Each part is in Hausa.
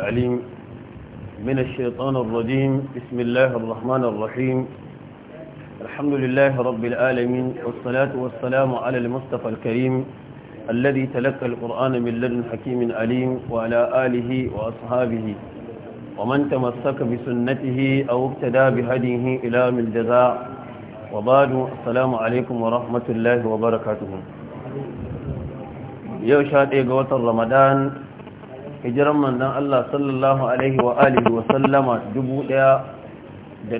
التعليم من الشيطان الرجيم بسم الله الرحمن الرحيم الحمد لله رب العالمين والصلاة والسلام على المصطفى الكريم الذي تلقى القرآن من لدن حكيم عليم وعلى آله وأصحابه ومن تمسك بسنته أو اقتدى بهديه إلى من جزاء وبعد السلام عليكم ورحمة الله وبركاته يوشاد إيقوة رمضان hijiran manzon Allah sallallahu alaihi wa alihi wa sallama 1432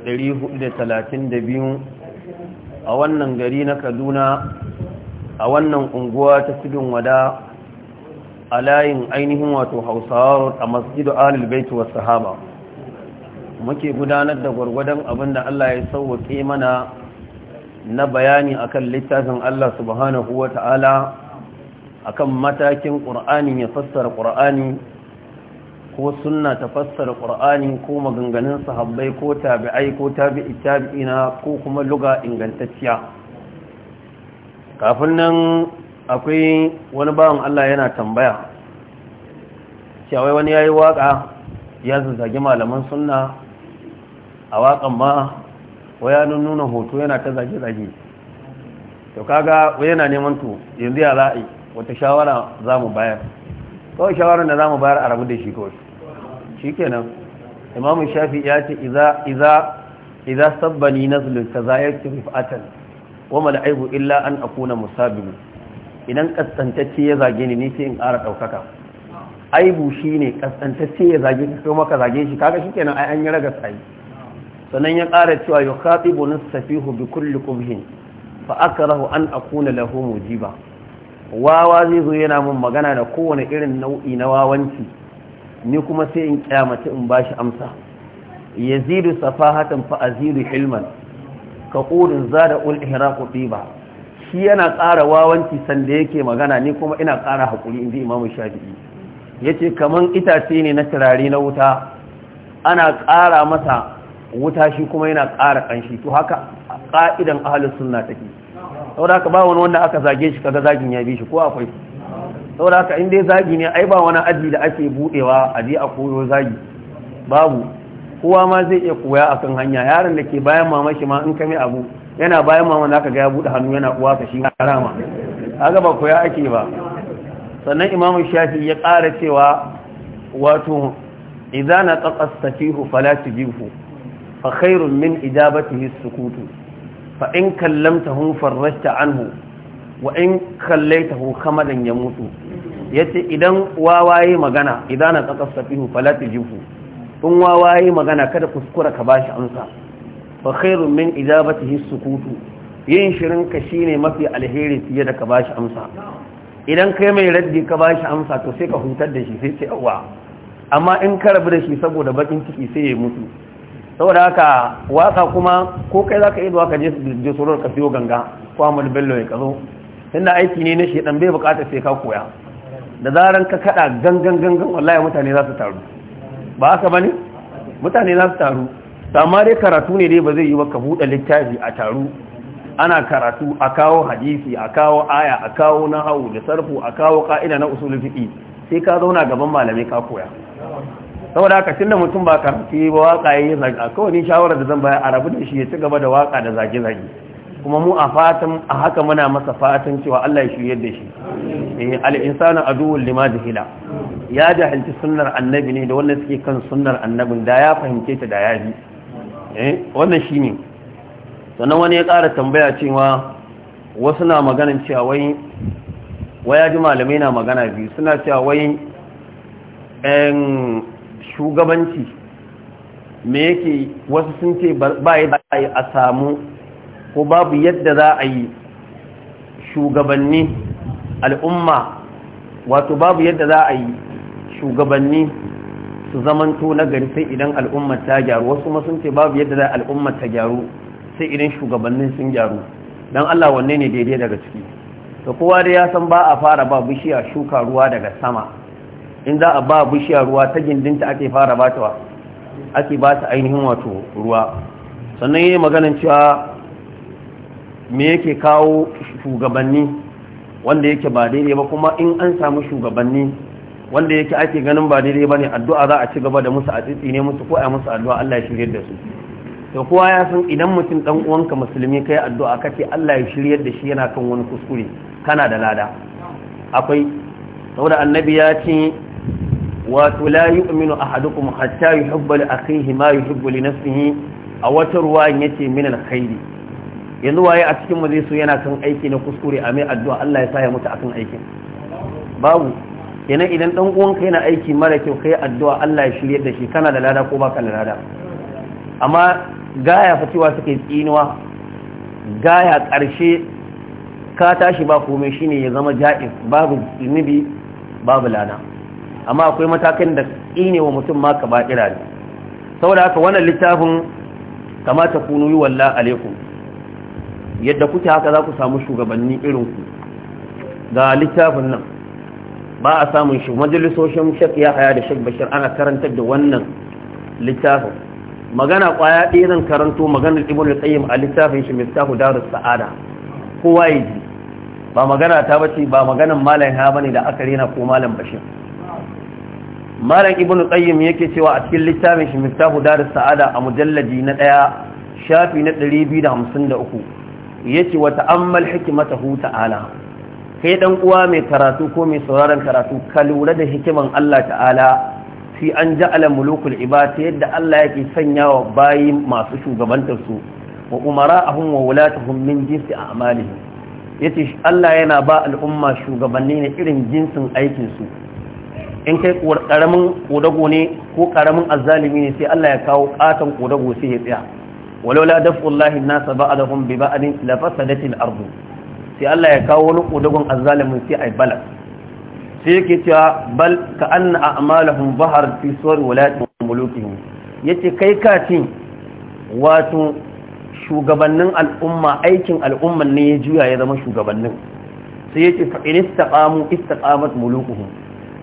a wannan gari na Kaduna a wannan unguwa ta tudun wada a layin ainihin wato Hausawa a Masjidu Ahlul Baitu wa Sahaba muke gudanar da gwargwadon abinda Allah ya sauke mana na bayani akan littafin Allah subhanahu wa ta'ala akan matakin ƙur'anin ya fassara ƙur'ani ko sunna ta fassara ƙur'ani ko maganganun sahabbai ko tabi'ai ko tabi'i tabi'ina ko kuma luga ingantacciya kafin nan akwai wani bawan Allah yana tambaya cewa wani yayi waka ya zazzagi malaman sunna a waƙan ma waya nuna hoto yana ta zage-zage to kaga yana neman to yanzu ya za'i wata shawara za mu bayar kawai shawarar da za mu bayar a rabu da shi kawai shi kenan imamu shafi ya ce iza sabbani nazlin ka za ya tafi fa'atan wama da aibu illa an akuna musabibu idan kaskantacce ya zage ni ne in ƙara ɗaukaka aibu shi ne ya zage ka kuma ka zage shi kaga shi kenan ai an yi ragas sai sannan ya ƙara cewa yukhatibu nasafihu bi kulli kubhin fa akrahu an akuna lahu mujiba wawa zai zo yana mun magana da kowane irin nau'i na wawanci ni kuma sai in kyamaci in ba shi amsa yazidu safahatan fa azidu hilman ka qudin zada ul ihraqu shi yana ƙara wawanci sanda yake magana ni kuma ina ƙara hakuri inji imamu shafi'i yace kamar itace ne na turare na wuta ana ƙara masa wuta shi kuma yana ƙara ƙanshi to haka ƙa'idan ahlus sunna take saboda haka ba wani wanda aka zage shi kaga zagin ya bi shi ko akwai saboda haka in dai zagi ne ai ba wani aji da ake budewa a je a koyo zagi babu kowa ma zai iya koya akan hanya yaron da ke bayan mama shi ma in kame abu yana bayan mama na ka ga ya bude hannu yana uwa ka shi karama haka ba koya ake ba sannan imam shafi ya ƙara cewa wato Iza na taqas tafihu fala tujihu fa khairun min ijabatihi sukutu fa in kallamtahu farrasta anhu wa in ya mutu. Ya yace idan wawaye magana idan na tsakasafihu fala tujifu in wawaye magana kada kuskura ka bashi amsa fa khairun min ijabatihi sukutu yin shirin ka shine mafi alheri fiye da ka bashi amsa idan kai mai raddi ka bashi amsa to sai ka hutar da shi sai ce yawa amma in ka rabu da shi saboda bakin ciki sai ya mutu saboda haka waka kuma ko kai za ka iya zuwa ka je sorar ka siyo ganga ko amur bello ya kazo inda aiki ne na shaidan bai bukatar sai ka koya da zarar ka kada gangan gangan wallahi mutane za su taru ba haka ne mutane za su taru amma dai karatu ne dai ba zai yi ba ka buɗe littafi a taru ana karatu a kawo hadisi a kawo aya a kawo nahawu da sarfu a kawo ka'ida na usulun sai ka zauna gaban malamai ka koya saboda haka tunda mutum ba karfi ba waka yayi a kawai ni shawara da zan baya a rabu da shi ya ci gaba da waka da zage zage kuma mu a fatan a haka muna masa fatan cewa Allah ya shirye da shi eh al insanu aduwwul lima jahila ya jahilci sunnar annabi ne da wanda suke kan sunnar annabi da ya fahimce ta da ya bi eh wannan shine sannan wani ya kara tambaya cewa wasu na maganin cewa wai waya ji malamai na magana biyu suna cewa wai shugabanci me yake wasu sun ce ba yi a samu ko babu yadda za a yi shugabanni al'umma wato babu yadda za a yi shugabanni su zamanto na gari sai idan al'umma ta gyaru wasu kuma sun ce babu yadda za a al'umma ta gyaru sai idan shugabannin sun gyaru don Allah wanne ne daidai daga ciki to kowa da ya san ba a fara ba bishiya shuka ruwa daga sama in za a ba bishiya ruwa ta gindinta ake fara batawa ake ba ta ainihin wato ruwa sannan yi maganin cewa me yake kawo shugabanni wanda yake ba daidai ba kuma in an samu shugabanni wanda yake ake ganin ba daidai ba ne addu'a za a ci gaba da musu a tsitsi ne musu ko a musu addu'a Allah ya shirya da su to kowa ya san idan mutum ɗan uwanka musulmi ka yi addu'a kace Allah ya shirya da shi yana kan wani kuskure kana da lada akwai saboda annabi ya ce wato la yu'minu ahadukum hatta yuhibba li akhihi ma yuhibbu li nafsihi a wata ruwayan yace min alkhairi yanzu waye a cikin mu zai so yana kan aiki na kuskure a mai addu'a Allah ya sa ya mutu akan aikin babu kenan idan dan uwanka na aiki mara kyau kai addu'a Allah ya shirye da shi kana da lada ko baka da lada amma gaya fa cewa suke tsinuwa gaya karshe ka tashi ba komai shine ya zama ja'in babu zunubi babu lada amma akwai matakan da ƙine wa mutum ma ba ba'ira ne saboda haka wannan littafin kamata ku nuyi walla alaikum yadda kuke haka za ku samu shugabanni irinku ga littafin nan ba a samun shi majalisoshin shek ya haya da shek bashir ana karantar da wannan littafin magana ƙwaya ɗaya zan karanto maganar ibn al-qayyim a littafin shi miftahu sa'ada kowa ya ba magana ta bace ba maganar malam ya bane da aka rena ko malam bashir malam ibnu qayyim yake cewa a cikin littafin shi miftahu darus sa'ada a mujalladi na daya shafi na 253 yace wa ta'ammal hikmatahu ta'ala kai dan uwa mai karatu ko mai sauraron karatu ka lura da hikiman Allah ta'ala fi an ja'ala mulukul ibad yadda Allah yake sanyawa bayi masu shugabantar su wa umara'ahum wa wulatuhum min jinsi a'malihim yace Allah yana ba al'umma shugabanni ne irin jinsin aikin su in kai karamin kodago ne ko karamin azzalimi ne sai Allah ya kawo katon kodago sai ya tsaya walaula daf'ullahi nasa alahum bi ba'adin la fasadatil ardu sai Allah ya kawo wani kodagon azzalimi sai ai bala sai yake cewa bal ka anna a'malahum bahar fi suwar walatin mulukihim yace kai ka wato shugabannin al'umma aikin al'umman ne ya juya ya zama shugabannin sai yace fa in istaqamu istaqamat mulukuhum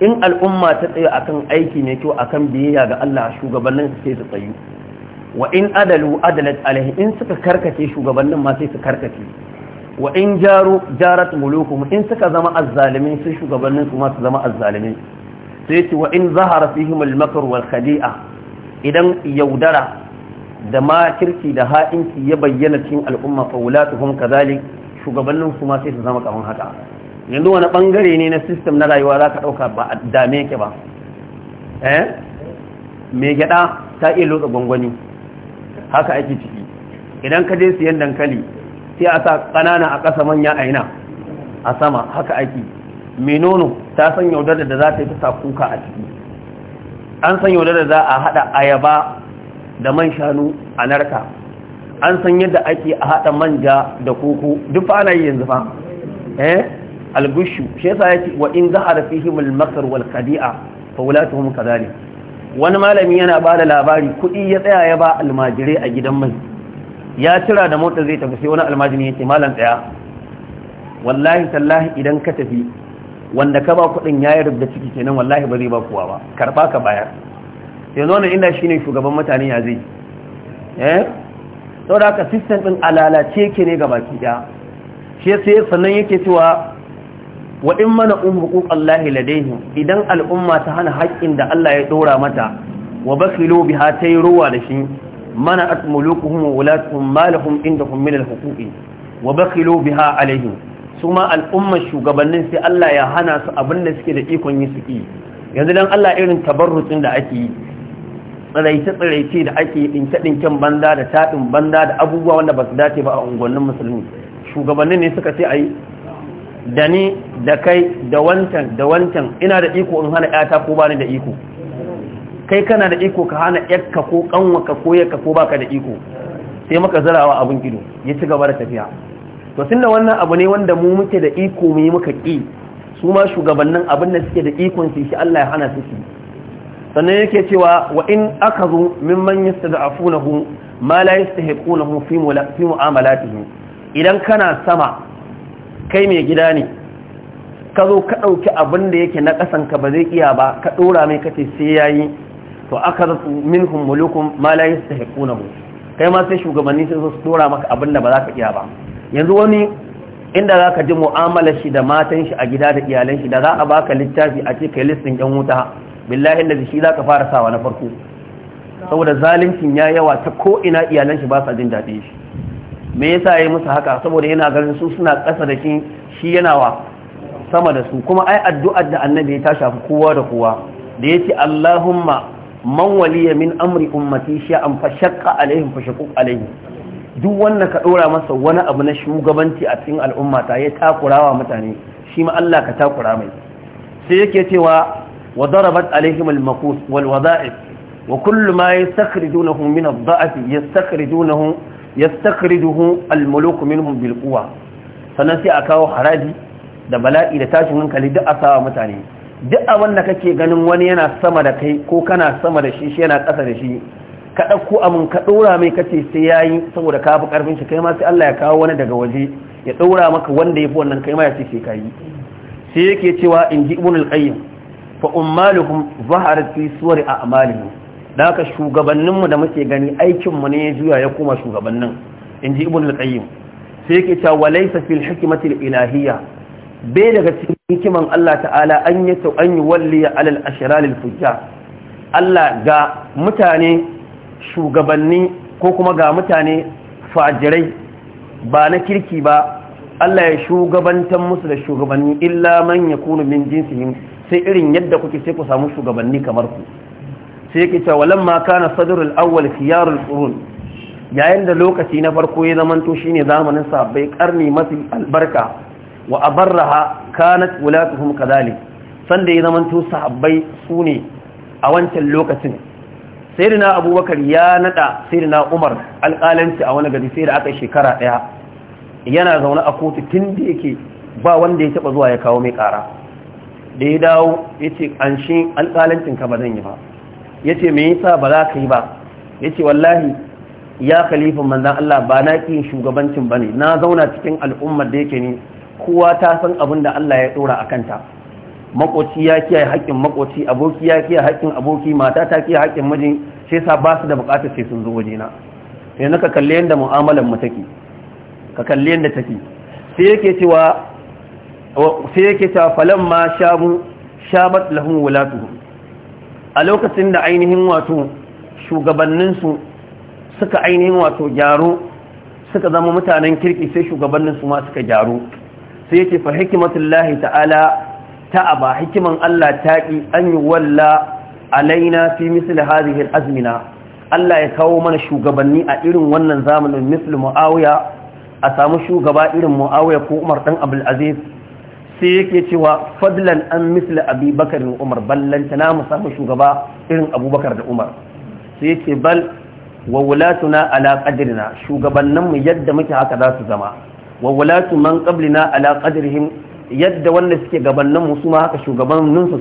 in al'umma ta tsaye akan aiki mai kyau akan biyayya ga Allah shugabannin su sai su tsayu wa in adalu adalat alaihi in suka karkace shugabannin ma sai su karkace wa in jaru jarat mulukum in suka zama azzalimin sai shugabannin su ma su zama azzalimin sai ce wa in zahara fihim al-makr wal khadi'a idan yaudara da ma kirki da ha'inci ya bayyana cikin al'umma fa wulatuhum kadhalik shugabannin su ma sai su zama kaman haka yanzu wani bangare ne na sistem na rayuwa za ka ɗauka ba a dame ke ba eh mai gyada ta iya lotsa gwangwani haka ake ciki idan ka je siyan dankali sai a sa ƙanana a ƙasa manya aina a sama haka ake mai nono ta san yaudar da za ta yi ta kuka a ciki an san yaudar da za a haɗa ayaba da man shanu a narka an san yadda ake a haɗa manja da koko duk yi yanzu fa eh albushu shi yasa yace wa in zahara fihim al-makr wal qadi'a fa wulatuhum kadhalik wani malami yana ba da labari kuɗi ya tsaya ya ba almajire a gidan mai ya cira da mota zai tafi sai wani almajiri ya malam tsaya wallahi tallahi idan ka tafi wanda ka ba kuɗin ya yi rubda ciki kenan wallahi ba zai ba kuwa ba karɓa ka bayar sai nuna inda shine shugaban mutane ya zai eh saboda ka system din alalace ke ne ga baki ɗaya shi sai sannan yake cewa wa in mana um Allahi Allah idan al'umma ta hana haƙƙin da Allah ya dora mata wa bakhilu biha tay ruwa da shi mana at mulukuhum wa ulatuhum malahum indahum min al-huquqi wa bakhilu biha alaihim suma al'umma shugabannin sai Allah ya hana su abin da suke da ikon yi suke. yanzu dan Allah irin tabarrutsin da ake yi tsiraice tsiraice da ake yi dinke banda da taɗin banda da abubuwa wanda ba su dace ba a unguwannin musulmi shugabannin ne suka ce yi. da ni da kai da wancan da wancan ina da iko in hana yata ko ba ni da iko kai kana da iko ka hana yakka ko kanwaka ko yakka ko baka da iko sai maka zarawa abin gido ya ci gaba da tafiya to tunda wannan abu ne wanda mu muke da iko mu yi muka ki su ma shugabannin abin da suke da iko su shi Allah ya hana su shi sannan yake cewa wa in akazu mimman yastad'afunahu ma la yastahiqunahu fi mu'amalatihim idan kana sama kai mai gida ne ka zo ka ɗauki abin da yake na ƙasan ka ba zai iya ba ka ɗora mai kace sai ya yi to aka zasu minhum ta ma la mu kai ma sai shugabanni sai su ɗora maka abin da ba za ka iya ba yanzu wani inda za ka ji mu'amala shi da matan shi a gida da iyalan shi da za a baka littafi a ce kai listin yan wuta billahi da shi za ka fara sawa na farko saboda zaluncin ya yawa ta ko ina iyalan shi ba sa jin daɗin shi me yasa yi musu haka saboda yana ganin su suna ƙasa da shi shi yana wa sama da su kuma ai addu'ar da annabi ta shafi kowa da kowa da yace Allahumma man waliya min amri ummati sha'an fa shaqqa alaihim fa shaquq alaihim duk wanda ka dora masa wani abu na shugabanci a cikin al'umma ta ya takurawa mutane shi ma Allah ka takura mai sai yake cewa wa darabat alaihim al-maqus wal wada'if wa kullu ma yastakhrijunahu min ad-da'f yastakhrijunahu yastakriduhu al minhum bilquwa sanan sai a kawo haraji da bala'i da tashin hankali duk a sawa mutane duk abin da kake ganin wani yana sama da kai ko kana sama da shi shi yana ƙasa da shi ka ɗauko amin ka ɗora mai kace sai yayi saboda ka fi ƙarfin shi kai ma sai Allah ya kawo wani daga waje ya ɗora maka wanda ya fi wannan kai ma ya ce sai ka yi sai yake cewa in ji ibn al-qayyim fa ummaluhum zaharat fi suwar a'malihim da haka shugabanninmu da muke gani aikinmu ne ya juya ya koma shugabannin in ji ibn al-qayyim sai yake wa walaysa fil hikmati al-ilahiyya Be daga cikin hikiman Allah ta'ala an yi ta an yi walli ala al-ashrar al-fujja Allah ga mutane shugabanni ko kuma ga mutane fajirai ba na kirki ba Allah ya shugabantar musu da shugabanni illa man yakunu min jinsihim sai irin yadda kuke sai ku samu shugabanni kamar ku sai yake cewa walamma kana sadrul awwal khiyarul qurun yayin da lokaci na farko ya zamanto shine zamanin sahabbai karni mafi albarka wa abarraha kanat wulatuhum kadhalik sanda ya zamanto sahabbai su ne a wancan lokacin sayyidina abubakar ya nada sayyidina umar alƙalanci a wani gari sai da aka shekara daya yana zaune a kotu tun da yake ba wanda ya taba zuwa ya kawo mai ƙara da ya dawo ya ce an shi alƙalancin ka ba zan yi ba ya ce me yasa ba za ka yi ba ya ce wallahi ya khalifin manzan Allah ba na ƙin shugabancin ba ne na zauna cikin al'ummar da yake ni kowa ta san abin da Allah ya ɗora a ta makoci ya kiyaye haƙƙin makoci aboki ya kiyaye haƙƙin aboki mata ta kiyaye haƙƙin mijin sai sa ba su da buƙatar sai sun zo na yanzu ka kalli yadda mu'amalar mu take ka kalli yadda take sai yake cewa sai yake cewa falamma shabu shabat lahum wulatuhum a lokacin da ainihin wato shugabanninsu suka ainihin wato gyaru suka zama mutanen kirki sai shugabanninsu ma suka gyaru sai yake fa hikimatullahi ta'ala ta'aba hikiman Allah taƙi an yi walla alaina fi misli hadhihi azmina Allah ya kawo mana shugabanni a irin wannan zamanin misli Muawiya a samu shugaba irin Muawiya ko Umar dan Abul Aziz sai yake cewa fadlan an misla Abubakar da umar ballanta na mu sami shugaba irin abubakar da umar sai yake bal wa wulatuna ala qadrina shugabanninmu yadda muke haka za su zama wa wulatu man qablina ala qadrihim yadda wanda suke mu su ma haka su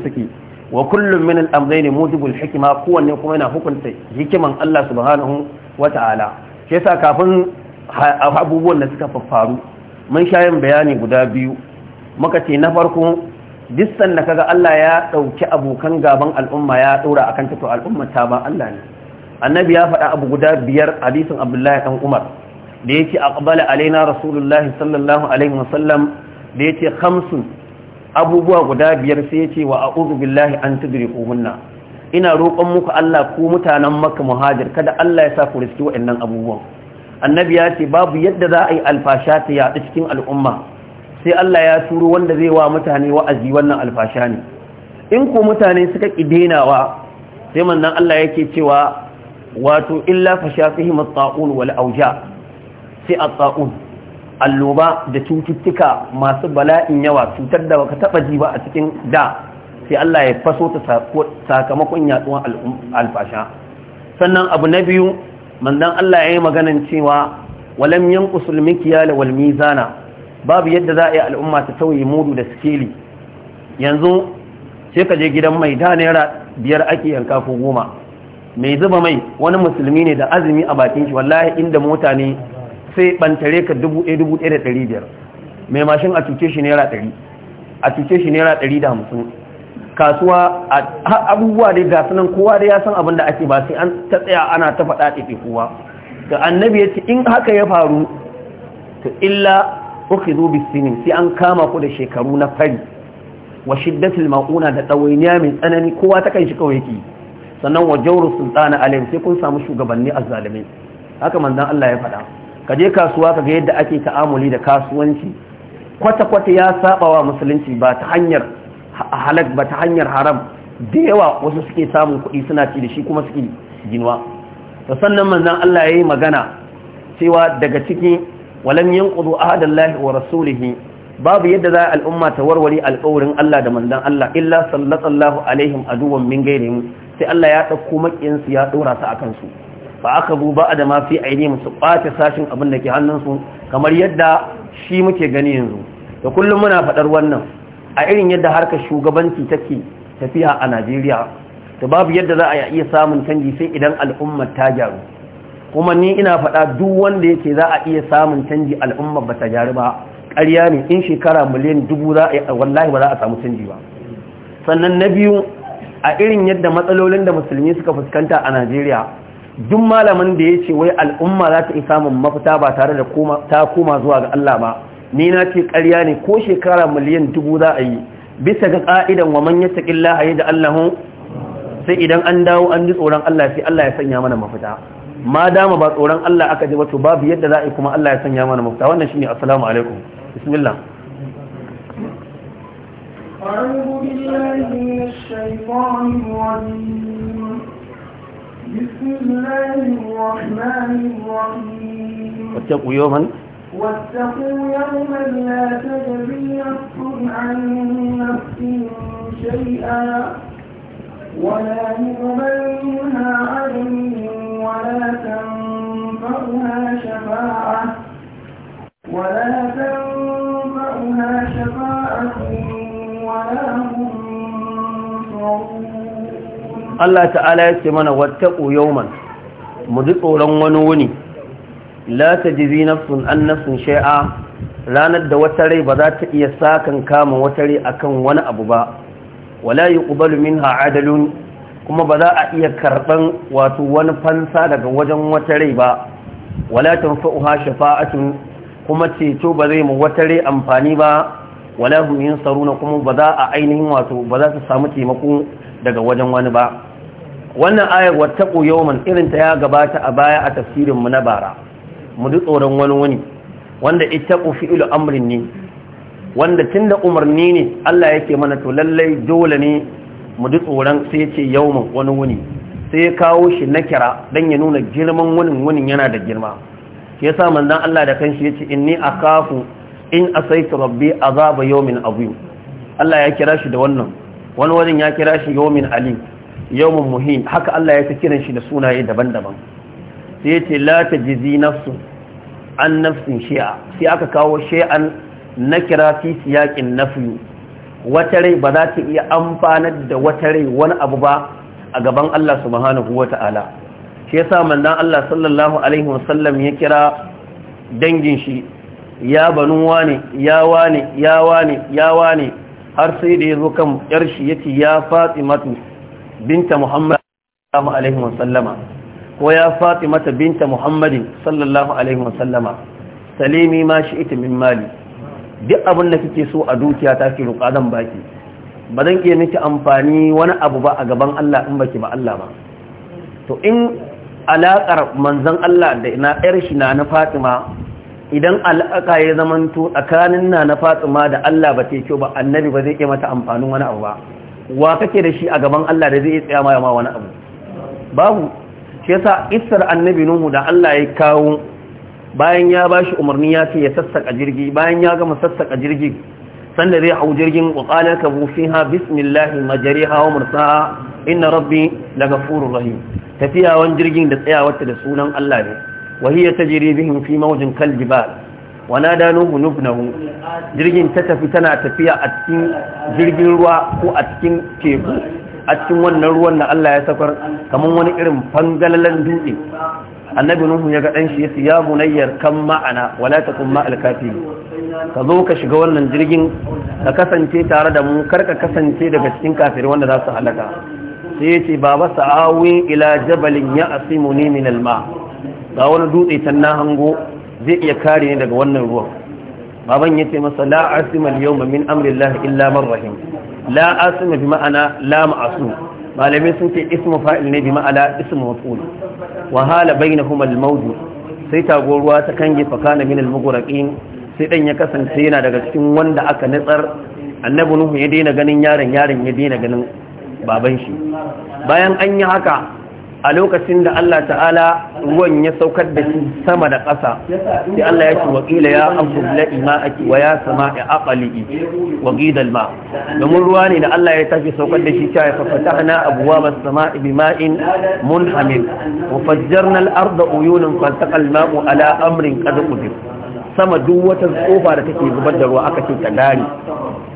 suke wa kullum min al-amrayn mujibul hikma kowanne kuma yana hukunta hikiman Allah subhanahu wata'ala shi yasa kafin abubuwan da suka faru mun shayin bayani guda biyu muka ce na farko dissan da kaga Allah ya ɗauki abokan gaban al'umma ya ɗora akan tato al'umma ta ba Allah ne annabi ya faɗa abu guda biyar hadisin abdullahi ɗan umar da ya ce aqbala alaina rasulullahi sallallahu alaihi wasallam da ya ce khamsun abubuwa guda biyar sai ya ce wa a'udhu billahi an tudrikuhunna ina roƙon muku Allah ku mutanen Makka muhajir kada Allah ya sa ku riski waɗannan abubuwan annabi ya ce babu yadda za a yi alfasha ta cikin al'umma sai Allah ya turo wanda zai wa mutane wa'azi wannan alfasha ne in ko mutane suka kidenawa sai mannan Allah yake cewa wato illa fashafihim at-ta'un wal auja sai at-ta'un alloba da cututtuka masu bala'in yawa cutar da baka taba ji ba a cikin da sai Allah ya faso ta sakamakon yaduwar alfasha sannan abu na biyu manzon Allah ya yi maganan cewa walam yanqusul mikyala wal mizana babu yadda za a yi al'umma ta sauyi mudu da sikeli yanzu sai ka je gidan mai da naira biyar ake yanka ko goma mai zuba mai wani musulmi ne da azumi a bakin shi wallahi inda mota ne sai bantare ka dubu ɗaya dubu ɗaya da ɗari biyar mai mashin a cuce shi naira ɗari a cuce shi naira ɗari da hamsin kasuwa abubuwa dai ga sunan kowa da ya san abin da ake ba sai an ta tsaya ana ta faɗa ɗaiɗe kowa Ga annabi ya ce in haka ya faru to illa ukhidhu bisinin sai an kama ku da shekaru na fari wa shiddatil mauna da tsawainiya mai tsanani kowa ta kan shi kawai yake sannan wa jawru sultana alayhi sai kun samu shugabanni azzalimi haka manzon Allah ya faɗa ka je kasuwa ka ga yadda ake ta'amuli da kasuwanci kwata kwata ya saba wa musulunci ba ta hanyar halak ba ta hanyar haram da yawa wasu suke samun kuɗi suna ci da shi kuma suke ginuwa to sannan manzon Allah ya yi magana cewa daga cikin walam yanqudu ahadallahi wa rasulihi babu yadda za al'umma ta warware alƙawarin Allah da mandan Allah illa sallallahu alaihim aduwan min gairihim sai Allah ya dauko makiyansu ya dora su akan su fa aka bu ba da ma fi aidihim su kwace sashin abin da ke hannunsu kamar yadda shi muke gani yanzu da kullum muna faɗar wannan a irin yadda harkar shugabanci take tafiya a Najeriya to babu yadda za a iya samun canji sai idan al'umma ta gyaru kuma ni ina faɗa duk wanda yake za a iya samun canji al'umma ba ta jari ba ƙarya ne in shekara miliyan dubu za a wallahi ba za a samu canji ba sannan na biyu a irin yadda matsalolin da musulmi suka fuskanta a najeriya duk malamin da ya ce wai al'umma za ta iya samun mafita ba tare da ta koma zuwa ga allah ba ni na ce ƙarya ne ko shekara miliyan dubu za a yi bisa ga ƙa'idan wa man yattaqillaha yaj'al lahu sai idan an dawo an ji tsoron Allah sai Allah ya sanya mana mafita ma dama ba tsoron Allah aka ji wato babu yadda za a yi kuma Allah ya sanya mana mafita wannan shine assalamu alaikum bismillah أعوذ بالله من الشيطان الرجيم بسم الله الرحمن الرحيم واتقوا يوما واتقوا يوما لا تجزي نفس عن نفس شيئا ولا ولا تنفعها شفاعة ولا تنفعها شفاعة ولا Allah ta'ala ya ce mana wattaku yawman mu ji tsoron wani wuni la tajzi nafsun an sun shay'a ranar da wata rai ba za ta iya sakan kama wata rai akan wani abu ba wala yuqbalu minha adalun kuma ba za a iya karɓan wato wani fansa daga wajen wata rai ba wala tanfa'uha shafa'atun kuma ceto ba zai mu wata rai amfani ba wala hum yansaruna kuma ba za a ainihin wato ba za su samu taimako daga wajen wani ba wannan ayar wattaqu yawman irin ta ya gabata a baya a tafsirin mu na bara mu ji tsoron wani wani wanda ittaqu fi'lu amrin ne wanda tun da umarni ne Allah yake mana to lallai dole ne mu ji tsoron sai ya ce yawman wani wuni sai ya kawo shi na kira don ya nuna girman wunin wunin yana da girma ya sa manzan Allah da kanshi ya ce inni a kafu in asaitu rabbi azaba yawmin azim Allah ya kira shi da wannan wani wajen ya kira shi yawmin ali yawmin muhin haka Allah ya ta kiran shi da sunaye daban-daban sai ya ce la tajzi nafsu an nafsin shi'a sai aka kawo shay'an Na nakira fi siyaqin nafyu wata rai ba za ta iya amfanar da wata rai wani abu ba a gaban Allah subhanahu wata'ala shi yasa manzon Allah sallallahu alaihi wasallam ya kira dangin shi ya banu wane ya wane ya wane ya wane har sai da ya zo kan yar shi ya yace ya Fatimatu binta Muhammad sallallahu alaihi wasallama ko ya Fatimata binta Muhammadin sallallahu alaihi wasallama salimi ma shi ita min mali duk abin da kake so a dukiya ta ke roƙa zan baki ba zan iya miki amfani wani abu ba a gaban Allah in baki ba Allah ba to in alaƙar manzon Allah da na ɗar shi na na Fatima idan alaƙa ya zamanto tsakanin na na Fatima da Allah ba ce kyau ba annabi ba zai iya mata amfanin wani abu ba wa kake da shi a gaban Allah da zai iya tsaya ma wani abu babu shi yasa isar annabi Nuhu da Allah ya kawo bayan ya bashi umarni ya ce ya sassaka jirgi bayan ya gama sassaka jirgi sanda zai hau jirgin ƙwaƙalar ka bufiha bismillahi majari hawa mursaha inna rabbi daga furun rahi. tafiyawan jirgin da tsayawarta da sunan Allah ne wahiyar ta jiri bihin fi maujin kaljibal wana da nuhu nufnahu jirgin ta tafi tana tafiya a cikin jirgin ruwa ko a cikin teku a cikin wannan ruwan da Allah ya safar kamar wani irin fangalalan dutse annabi nuhu ya ga dan shi yace ya bunayyar kan ma'ana wala takum ma'al alkafi. ka zo ka shiga wannan jirgin ka kasance tare da mu kar ka kasance daga cikin kafirai wanda za su halaka sai yace baba sa'awi ila jabalin ya asimuni min alma ga wani dutse tan na hango zai iya kare ni daga wannan ruwan baban yace masa la asima al-yawma min amri Allah illa man rahim la asima bi ma'ana la ma'asu malamai sun ce ismu fa'il ne bi ma'ana ismu maf'ul wahala bainahum al-mawju sai tagoruwa ta kange fakana min al-mughraqin sai dan ya kasance yana daga cikin wanda aka nitsar annabi nuhu ya daina ganin yaron yaron ya daina ganin baban shi bayan an yi haka a lokacin da Allah ta'ala ruwan ya saukar da shi sama da ƙasa sai Allah ya ce waƙila ya amfub la'ima ake wa ya sama ya aƙali'i wa gidal ma domin ruwa ne da Allah ya tafi saukar da shi cewa ya fafata ana abuwa ba sama bi ma'in mun hamil wa fajjarna al'arda uyunin fantakal ma'u ala amrin ƙasa kudir sama duk wata tsofa da take zubar da ruwa aka ce ta dare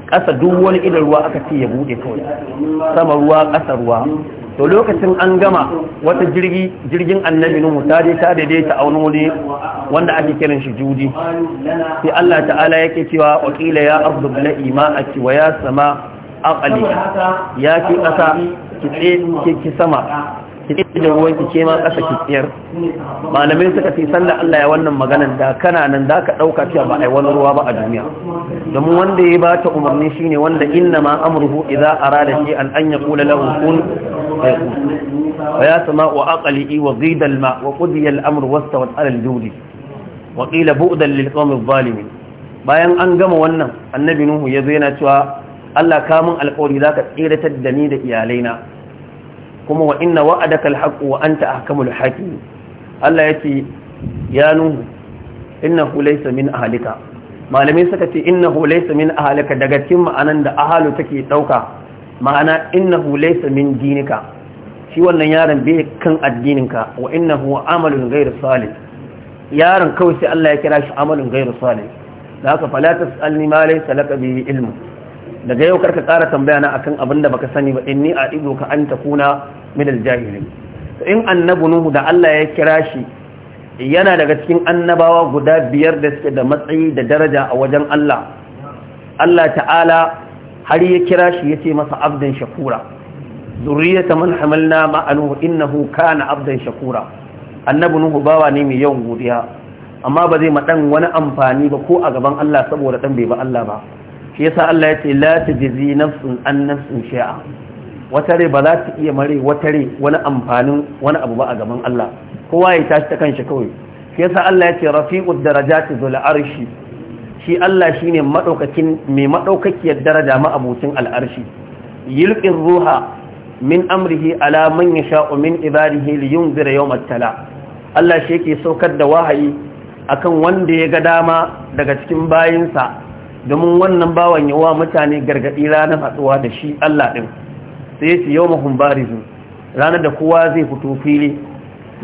ƙasa duk wani idan ruwa aka ce ya buɗe kawai sama ruwa ƙasa ruwa to lokacin an gama wata jirgi jirgin annabi nuhu ta dai ta daidaita a wani wanda ake kiran shi judi sai Allah ta'ala yake cewa waqila ya ardu bla'i ma'aki wa ya sama aqali ya ki kasa ki ki sama ki da ruwan ki ce ma ƙasa ki tsiyar malamai suka fi sanda Allah ya wannan maganan da kana nan da ka ɗauka cewa ba a yi wani ruwa ba a duniya domin wanda ya ba ta umarni shine wanda inna ma amruhu a arada shi an an yaqula lahu kun fayakun wa ya sama wa aqli wa ghida ma wa qudiya al amru wastawat al judi wa qila bu'dan lil qawmi zalimin bayan an gama wannan annabi nuhu ya zo yana cewa Allah mun alƙawari zaka tsiratar da ni da iyalaina kuma wa inna wa'adaka alhaqu wa anta ahkamul hakim Allah yace ya nuhu innahu laysa min ahlika malamai suka ce innahu laysa min ahlika daga cikin ma'anan da ahalu take dauka ma'ana innahu laysa min dinika shi wannan yaron bai kan addininka wa innahu amalun ghayr salih yaron kawai sai Allah ya kira shi amalun ghayr salih da haka fala tasalni ma laysa laka bihi ilmun daga yau karka kara tambaya na akan abin da baka sani ba inni a ido ka an takuna min aljahilin in annabi nuhu da Allah ya kira shi yana daga cikin annabawa guda biyar da suke da matsayi da daraja a wajen Allah Allah ta'ala har ya kira shi ce masa abdan shakura ta man hamalna ma'anuhu innahu kana abdan shakura annabi nuhu bawa ne mai yawan godiya amma ba zai maɗan wani amfani ba ko a gaban Allah saboda ɗan bai ba Allah ba shi yasa Allah ya ce la tajzi nafsun an nafsin shay'a wata rai ba za ta iya mare wata rai wani amfanin wani abu ba a gaban Allah kowa ya tashi ta kanshi kawai shi yasa Allah ya ce rafi'ud darajati zul arshi shi Allah shine madaukakin mai madaukakiyar daraja ma abucin al'arshi yulqir ruha min amrihi ala man yasha'u min ibadihi liyunzira yawm at-tala Allah shi yake saukar da wahayi akan wanda ya ga dama daga cikin bayinsa domin wannan bawan yawa mutane gargaɗi ranar haɗuwa da shi Allah ɗin sai su yau mahun barizu ranar da kowa zai fito fili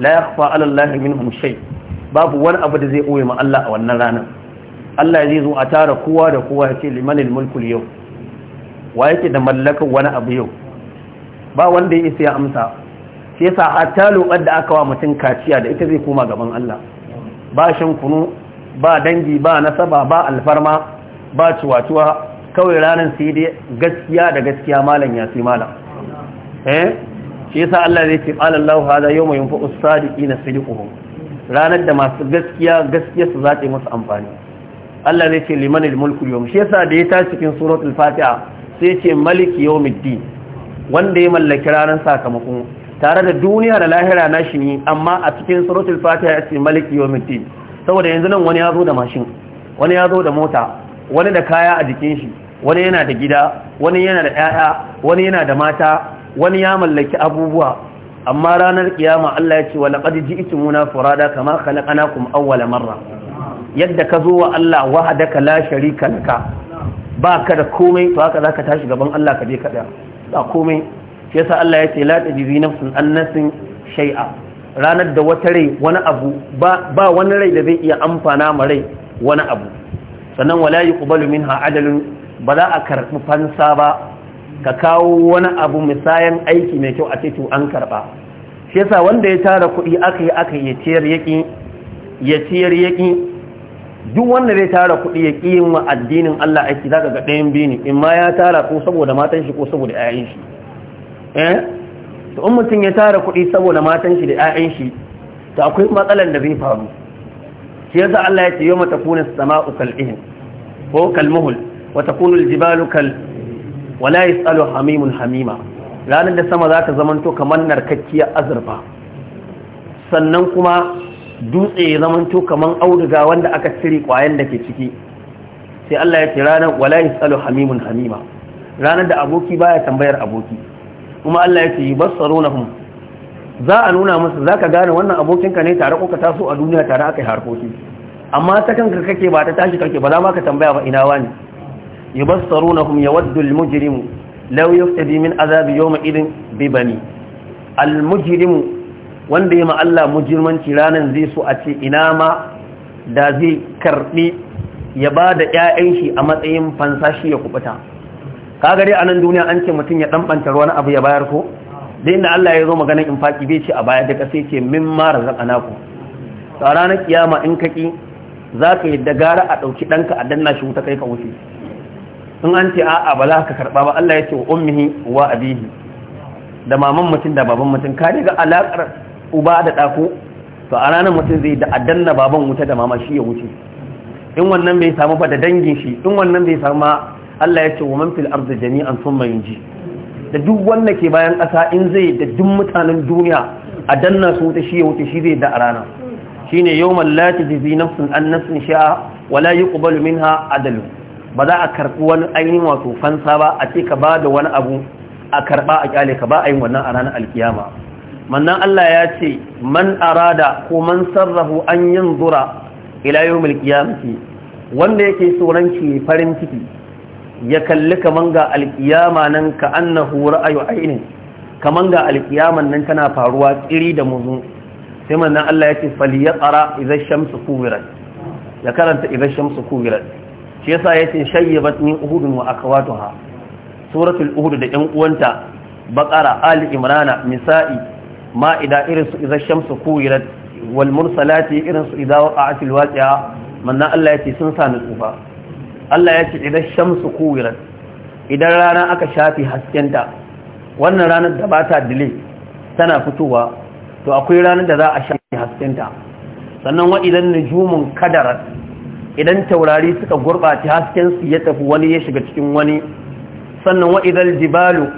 la ya umshai, alallahi min hamshai babu wani abu da zai ɓoye ma Allah a wannan ranar Allah ya zai zo a tara kowa da kowa ya ce limanin mulkul yau wa yake da mallakar wani abu yau ba wanda ya isa ya amsa sai yasa hatta lokar da aka wa mutum kaciya da ita zai koma gaban Allah ba shan kunu ba dangi ba nasaba ba alfarma ba cuwa-cuwa kawai ranar sai dai gaskiya da gaskiya malam ya sai malam eh shi yasa Allah zai ce alallahu hada yawma yunfu as-sadiqina sidiquhum ranar da masu gaskiya gaskiya su zata musu amfani Allah zai ce liman al-mulku yawm shi yasa da ya tashi cikin suratul fatiha sai ce maliki yawmiddin wanda ya mallaki ranar sakamako tare da duniya da lahira na shi ne amma a cikin suratul fatiha ya ce maliki yawmiddin saboda yanzu nan wani ya zo da mashin wani ya zo da mota wani da kaya a jikin shi wani yana da gida wani yana da 'ya'ya wani yana da mata wani ya mallaki abubuwa amma ranar kiyama Allah ya ce wa laqad ji'tumuna furada kama khalaqnakum awwala marra yadda ka zo wa Allah wahdaka la sharika laka ka da komai to haka zaka tashi gaban Allah ka je ka tsaya ba komai shi yasa Allah ya ce la tajizi nafsun an shay'a ranar da wata rai wani abu ba wani rai da zai iya amfana ma rai wani abu sannan wala yi kubalu min ha'adalin ba za a karɓi fansa ba ka kawo wani abu misayan aiki mai kyau a ce an karɓa shi yasa wanda ya tara kuɗi aka yi aka ya ciyar yaƙi ya ciyar yaƙi duk wanda zai tara kuɗi ya ƙi yin addinin Allah aiki za ka ga ɗayan biyu ne in ma ya tara ko saboda matan shi ko saboda ƴaƴan shi eh to in mutum ya tara kuɗi saboda matan shi da ƴaƴan shi to akwai matsalan da zai faru shi yasa Allah ya ce yawma takunu as-sama'u kal'ihin ko kalmuhul wa takunu al-jibalu kal wala tsalo hamimun hamima ranar da sama za ta zamanto kamar narkakkiyar azurfa sannan kuma dutse ya zamanto kamar auduga wanda aka cire kwayan da ke ciki sai Allah ya ce ranar wala yi tsalo hamimun hamima ranar da aboki baya tambayar aboki kuma Allah ya ce yubassarunahum za a nuna musu za ka gane wannan abokinka ne tare kuka taso a duniya tare aka yi harkoki amma ta kanka kake ba ta tashi kake ba za ma ka tambaya ba ina wani ya yawaddu almujrimu law ta min azabi yawma irin bi ne. almujirimu wanda yi Allah mujirmanci ranar zai so a ce ina ma da zai karbi ya ba da 'ya'yan shi a matsayin fansashi ya kubuta kaga dai a nan duniya an ce mutum ya ɗanɓanta wani abu ya bayar ko da inda Allah ya zo in faki bai ce a baya da kasai ce min mara zan anaku a ranar kiyama in kaki za ka yi dagara a ɗauki ɗanka a danna shi wuta kai ka wuce in an ce a'a ba za ka karɓa ba Allah ya ce wa ummihi wa abihi da maman mutum da baban mutum ka daga alaƙar uba da ɗako to a ranar mutum zai da a danna baban wuta da mama shi ya wuce in wannan bai samu ba da dangin shi in wannan bai samu Allah ya ce wa man fil ardi jami'an thumma ji. da duk wanda ke bayan ƙasa in zai da duk mutanen duniya a danna su wuta shi ya wuce shi zai da a rana shi ne yau mallaki jizi sun an sun sha'a wala yi ƙubalu min ha adalu ba za a karɓi wani ainihin wato fansa ba a ce ka ba da wani abu a karɓa a ƙyale ka ba a yin wannan a ranar alkiyama mannan Allah ya ce man arada ko man sarrafu an yin zura ila yau mulkiyamci wanda yake tsoron ke farin ciki ya kalli kaman ga alkiyama nan ka annahu ra'ayu ainin kaman ga alkiyaman nan tana faruwa tsiri da muzu sai manna Allah ya ce Fali yake falyaqra idza su kuwirat ya karanta idza shamsu kuwirat shi yasa yace shayyabat ni uhudun wa ha, suratul uhud da ɗan uwanta baqara ali imrana nisa'i ma'ida irin su idza shamsu kuwirat wal mursalati irin su a waqa'atil waqi'a manna Allah ya ce sun sa nutsufa Allah ya ce idan shamsu kuwirat idan rana aka shafi haskenta wannan ranar da ba ta dile tana fitowa to akwai ranar da za a shafi haskenta sannan wa idan nujumun kadarat idan taurari suka gurɓaci hasken su ya tafi wani ya shiga cikin wani sannan wa idan jibalu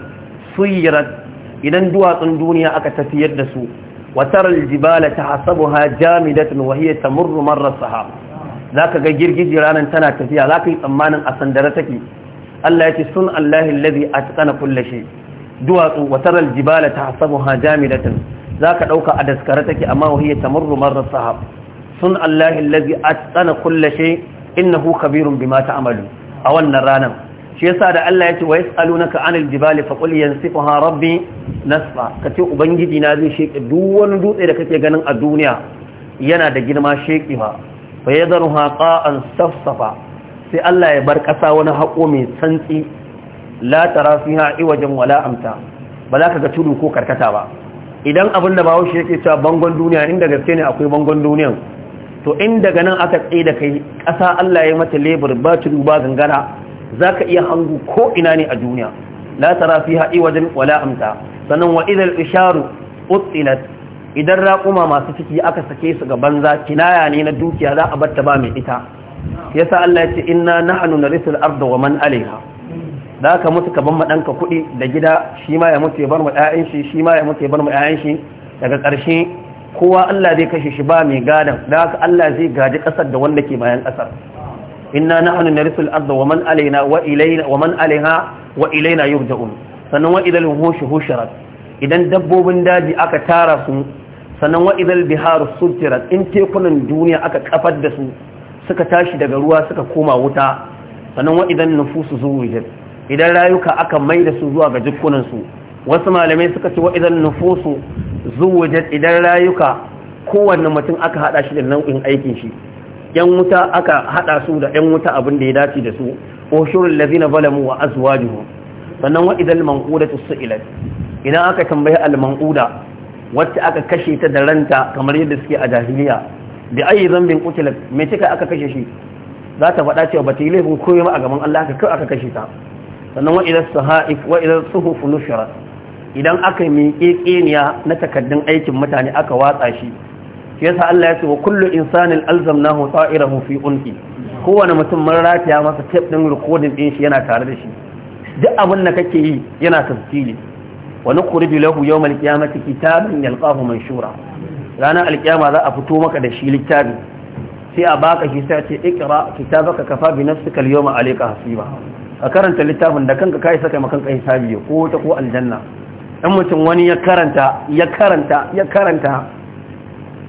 suyirat idan duwatsun duniya aka tafiyar da su wa taral jibala tahasabuha jamidatan wa hiya tamurru marrasaha za ka ga girgiji ranar tana tafiya za ka yi tsammanin a sandara take Allah ya ce sun Allahi lazi a tsana kulle shi duwatsu wata jibala ta hasabu ha jami'atin za ka ɗauka a daskara take amma wahiyar tamurru marar sahab sun Allahi lazi a tsana kulle shi innahu kabirun bima amalu a wannan ranar shi yasa da Allah ya ce wa yas'alunaka anil jibali faqul ha rabbi nasfa kace ubangiji na zai sheke duk wani dutse da kake ganin a duniya yana da girma shekewa fa haƙa an safsafa sai Allah ya bar ƙasa wani haƙo mai santsi la tara ha iwajen wala amta ba za ka ga tudu ko karkata ba idan abin da bawo shi yake cewa bangon duniya inda gaske ne akwai bangon duniyan to in daga nan aka tsaye da kai ƙasa Allah ya mata lebur ba tudu ba gangara ka iya hangu ko ina ne a duniya la tara ha iwajen wala amta sannan wa isharu utsilat idan raƙuma masu ciki aka sake su ga banza kinaya ne na dukiya za a batta ba mai ita sa Allah ya ce inna nahnu narisul arda wa man alaiha Za ka mutu ka ban ma danka kuɗi da gida shi ma ya mutu ya bar ma ƴaƴan shi shi ma ya mutu ya bar ma ƴaƴan shi daga ƙarshe kowa Allah zai kashe shi ba mai gadan Za ka Allah zai gaji ƙasar da wanda ke bayan ƙasar inna nahnu narisul arda wa man alaina wa ilaina wa man alaiha yurja'un sannan wa ilal wuhush husharat idan dabbobin daji aka tara su sannan wa'izal bihar sultirat in tekunan duniya aka kafar da su suka tashi daga ruwa suka koma wuta sannan wa'idan nufusu zuwujin idan rayuka aka mai da su zuwa ga jikunansu wasu malamai suka ce wa'idan nufusu zuwujin idan rayuka kowanne mutum aka haɗa shi da nau'in aikin shi yan wuta aka haɗa su da yan wuta abin da ya dace da su ushurul ladina zalamu wa azwajuhum sannan wa'idan manqudatu su'ilat idan aka tambayi al-manquda wacce aka kashe ta da ranta kamar yadda suke a jahiliya da ayi zambin kutilat me kika aka kashe shi za ta faɗa cewa bata yi laifin koyo ma a gaban Allah ka kai aka kashe ta sannan wa idan sahaif wa idan suhuf nushirat idan aka yi kekeniya na takaddun aikin mutane aka watsa shi shi yasa Allah ya ce wa kullu insanin alzamnahu ta'irahu fi unqi kowane mutum mun rataya masa tape din recording din shi yana tare da shi duk abin da kake yi yana tafsiri wani kurbi lahu yau mal kiyamati kitabin yalqahu shura ranar alkiyama za a fito maka da shi littafi sai a baka shi sai ce ikra kitabaka kafa bi nafsika al-yawma alayka hasiba ka karanta littafin da kanka kai saka maka kanka hisabi ko ta ko aljanna dan mutum wani ya karanta ya karanta ya karanta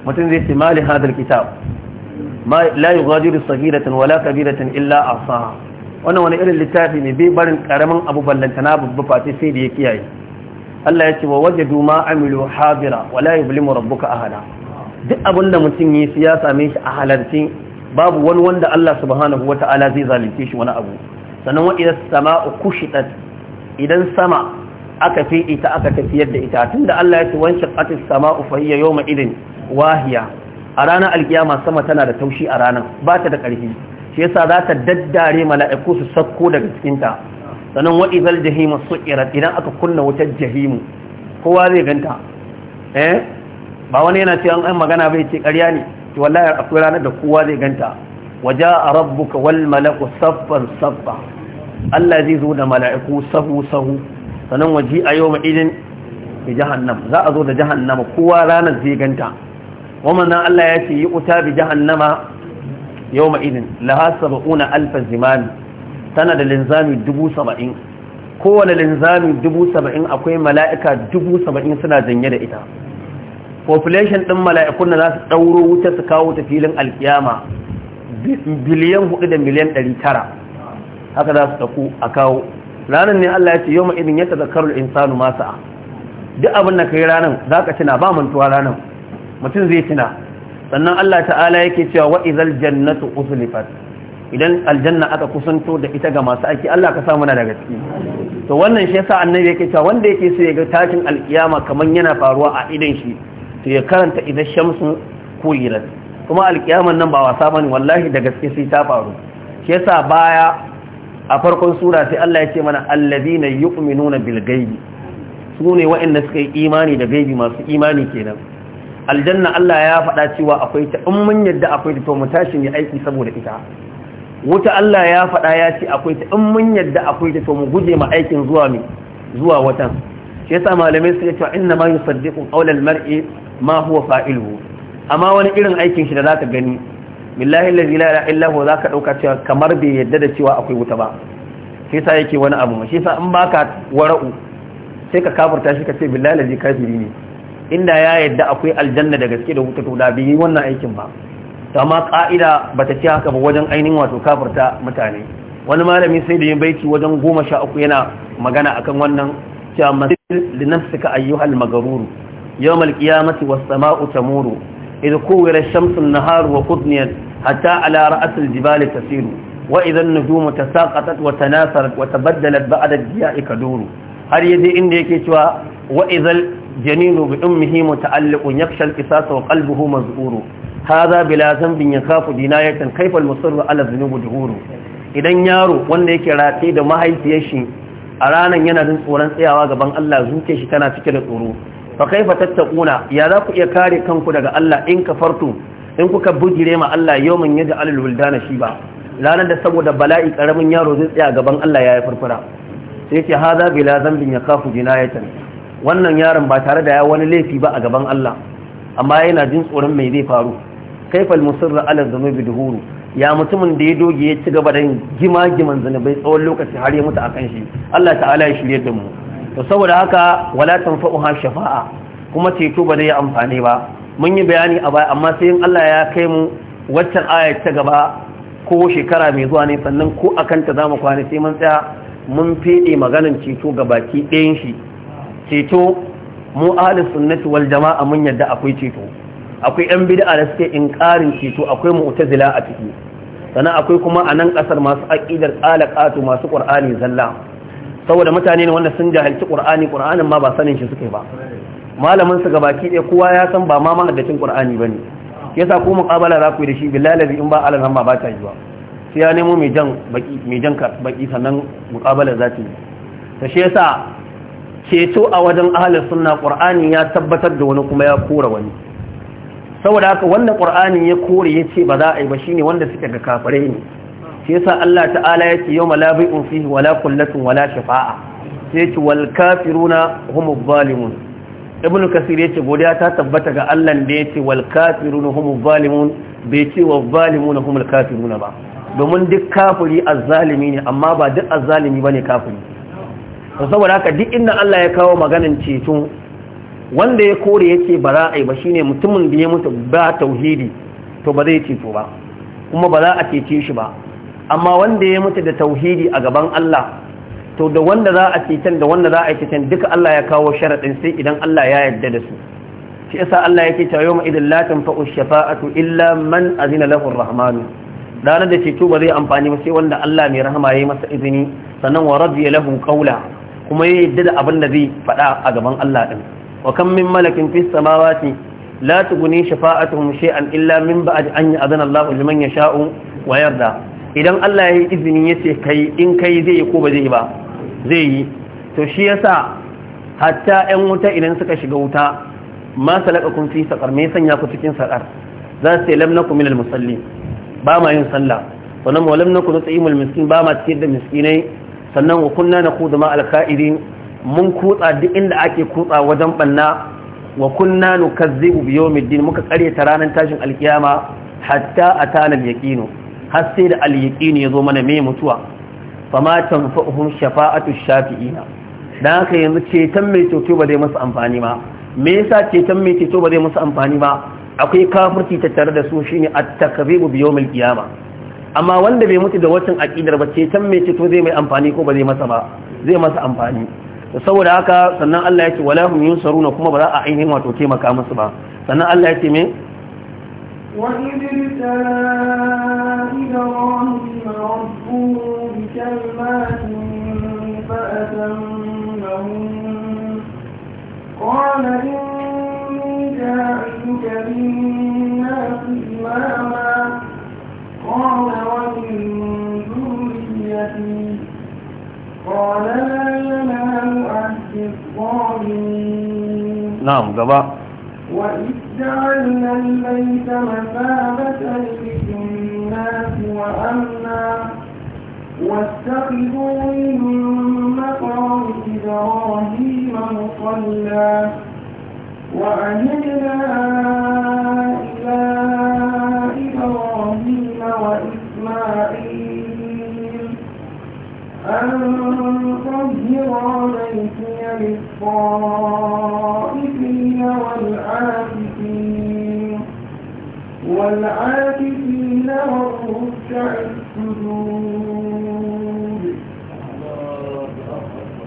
mutum zai ce mali hadal kitab ma la yughadiru saghiratan wala kabiratan illa ahsaha wannan wani irin littafi ne bai barin karamin abu ballantana babba face sai da ya kiyaye Allah ya ce wa wajadu ma amilu hadira wala yublimu rabbuka ahada duk abin da mutum yi su ya same shi a halarci babu wani wanda Allah subhanahu wata'ala zai zalunce shi wani abu sannan wa idan sama'u kushitat idan sama aka fi ita aka tafiyar da ita tunda Allah ya ce wan shaqqatis sama'u fa hiya yawma idin wahiya a ranar alkiyama sama tana da taushi a ranar ba ta da ƙarfi shi yasa za ta daddare mala'iku su sakko daga cikinta sannan wa izal jahimu su'irat idan aka kunna wutar jahimu kowa zai ganta eh ba wani yana cewa an magana bai ce ƙarya ne to wallahi akwai ranar da kowa zai ganta waja'a rabbuka wal malaku saffan saffa Allah zai zo da mala'iku sahu sahu sannan waji a yau ma'idin bi jahannam za a zo da jahannama kowa ranar zai ganta wannan Allah ya ce yi uta bi jahannama yau ma'idin laha sab'una alfa zimami tana da linzami dubu saba'in kowane linzami dubu saba'in akwai mala'ika dubu saba'in suna janye da ita population ɗin mala'ikun da za su ɗauro wuta su kawo ta filin alkiyama biliyan hudu da miliyan ɗari tara haka za su ɗauku a kawo ranar ne Allah ya ce yau ma'idin ya tazakarul insanu masu a duk abin da ka yi ranar za ka tuna ba mantuwa ranar mutum zai tuna sannan Allah ta'ala yake cewa wa'izal jannatu usulifat idan aljanna aka kusanto da ita ga masu aiki Allah ka samu na daga ciki to wannan shi yasa annabi yake cewa wanda yake so ya ga tashin alkiyama kaman yana faruwa a idan shi to ya karanta idan shamsu kuyirat kuma alkiyaman nan ba wasa bane wallahi da gaske sai ta faru shi yasa baya a farkon sura sai Allah ya ce mana alladhina yu'minuna bil ghaibi su ne waɗanda suka yi imani da gaibi masu imani kenan aljanna Allah ya faɗa cewa akwai ta in mun yadda akwai ta to mu tashi ne aiki saboda ita wuta Allah ya faɗa ya ce akwai ta in mun yadda akwai ta to mu guje ma aikin zuwa mi zuwa watan shi yasa malamai suka cewa inna ma yusaddiqu qawla al-mar'i ma huwa fa'iluhu amma wani irin aikin shi da zaka gani billahi la ilaha illa huwa zaka dauka cewa kamar bai yadda da cewa akwai wuta ba shi yasa yake wani abu shi yasa in baka wara'u sai ka kafurta shi ka ce billahi allazi kafiri ne inda ya yadda akwai aljanna da gaske da wuta to da bi yi wannan aikin ba ƙa'ida ka'ida bata ce haka ba wajen ainihin wato kafirta mutane wani malami sai da yin baiti wajen goma sha uku yana magana akan wannan cewa masir li nafsika ayyuhal magaruru yawmal qiyamati was sama'u tamuru idh kuwira shamsun na nahar wa qudniyat hatta ala ra'sil jibali tasiru wa idha an-nujumu tasaqatat wa tanasarat wa tabaddalat ba'da ad-diya'i kaduru har yaje inda yake cewa wa idhal janinu bi ummihi muta'alliqun yakhsha al-qisas wa qalbuhu maz'uru haza bila zambin ya kafu dinayatan kaifal musirru ala zunubu duhuru idan yaro wanda yake rate da mahaifiyar shi a ranar yana jin tsoron tsayawa gaban Allah zuke shi tana cike da tsoro fa kaifa tattaquna ya za ku iya kare kanku daga Allah in kafartu in kuka bugire ma Allah yawmin yaj'alul shi ba. ranar da saboda bala'i karamin yaro zai tsaya gaban Allah ya yi farfara sai yace haza bila zambin ya kafu wannan yaron ba tare da ya wani laifi ba a gaban Allah amma yana jin tsoron mai zai faru kaifal musirra ala zunubi duhuru ya mutumin da ya doge ya ci gaba da gima-giman zunubai tsawon lokaci har ya mutu akan shi Allah ta'ala ya shirye da mu to saboda haka wala tanfa'uha shafa'a kuma ceto ba zai amfani ba mun yi bayani a baya amma sai in Allah ya kai mu waccan ayar ta gaba ko shekara mai zuwa ne sannan ko akan ta zamu kwana sai mun tsaya mun fede maganan ceto ga baki ɗayan shi ceto mu ahlus sunnati wal jama'a mun yadda akwai ceto akwai yan bid'a da suke inkarin ceto akwai mu'tazila a ciki sannan akwai kuma a nan kasar masu aqidar qalaqatu masu qur'ani zalla saboda mutane ne wanda sun jahilci qur'ani qur'anin ma ba sanin shi suke ba malamin su gabaki ɗaya kowa ya san ba ma mahaddacin qur'ani bane yasa ko muqabala za ku yi da shi billahi in ba alal ma ba ta yi ba sai ya nemo mai jan baki mai jan baki sannan muqabala za ta yi ta shi yasa ceto a wajen ahlus sunna qur'ani ya tabbatar da wani kuma ya kora wani saboda haka wanda qur'ani ya kore ya ce ba za a yi ba shine wanda suke ga kafirai ne shi yasa Allah ta'ala yace yawma la in fi wala kullatun wala shafa'a sai ce wal kafiruna humuz zalimun ibn kasir ce godiya ta tabbata ga Allah da ya ce wal kafiruna humuz zalimun bai ce wa zalimuna humul kafiruna ba domin duk kafiri azzalimi ne amma ba duk azzalimi bane kafiri saboda haka duk inda Allah ya kawo maganin ceto wanda ya kore yake ce ba za a yi ba shine mutumin da ya mutu ba tauhidi to ba zai ceto ba kuma ba za a cece shi ba amma wanda ya mutu da tauhidi a gaban Allah to da wanda za a ceton da wanda za a ce ceton duka Allah ya kawo sharaɗin sai idan Allah ya yarda da su shi yasa Allah ya yake cewa yawma idan la tanfa'u shafa'atu illa man azina lahu ar-rahman ranar da ceto ba zai amfani ba sai wanda Allah mai rahama yayi masa izini sannan wa ya lahu qawla kuma ya yarda da abin da zai faɗa a gaban Allah din wa kam min malakin fis samawati la tughni shafa'atuhum shay'an illa min ba'd an ya'dhana Allahu liman yasha'u wa idan Allah ya yi ya ce kai in kai zai yi ko ba zai yi ba zai yi to shi yasa hatta 'yan wuta idan suka shiga wuta ma salakakum fi saqar me sanya ku cikin saqar za su ce lam ku minal musalli. ba ma yin sallah lamna ku nakum nut'imul miskin ba ma cikin da miskinai sannan wa kunna naqudu ma al mun kutsa duk inda ake kutsa wajen banna wa kunna nukazzibu bi yawmiddin muka kare ta ranar tashin alkiyama hatta atana al-yaqinu har sai da al yazo mana me mutuwa fama tanfa'uhum shafa'atu shafi'ina dan haka yanzu ceton mai ceto ba zai musu amfani ba me yasa ceton mai ceto ba zai musu amfani ba akwai kafirci tare da su shine at-takzibu bi yawmil qiyama amma wanda bai mutu da wacin aqidar ba ceton mai ceto zai mai amfani ko ba zai masa ba zai masa amfani saboda haka sannan Allah ya ce wala hum yunsaruna kuma ba za a ainihin wato taimaka musu ba sannan Allah ya ce me wa idil gaba وإذ جعلنا البيت مثابة للناس وأمنا واتخذوا من مقام إبراهيم مصلى وعهدنا إلى إبراهيم وإسماعيل أن طهر بيتي للطاغين allah والركع السجود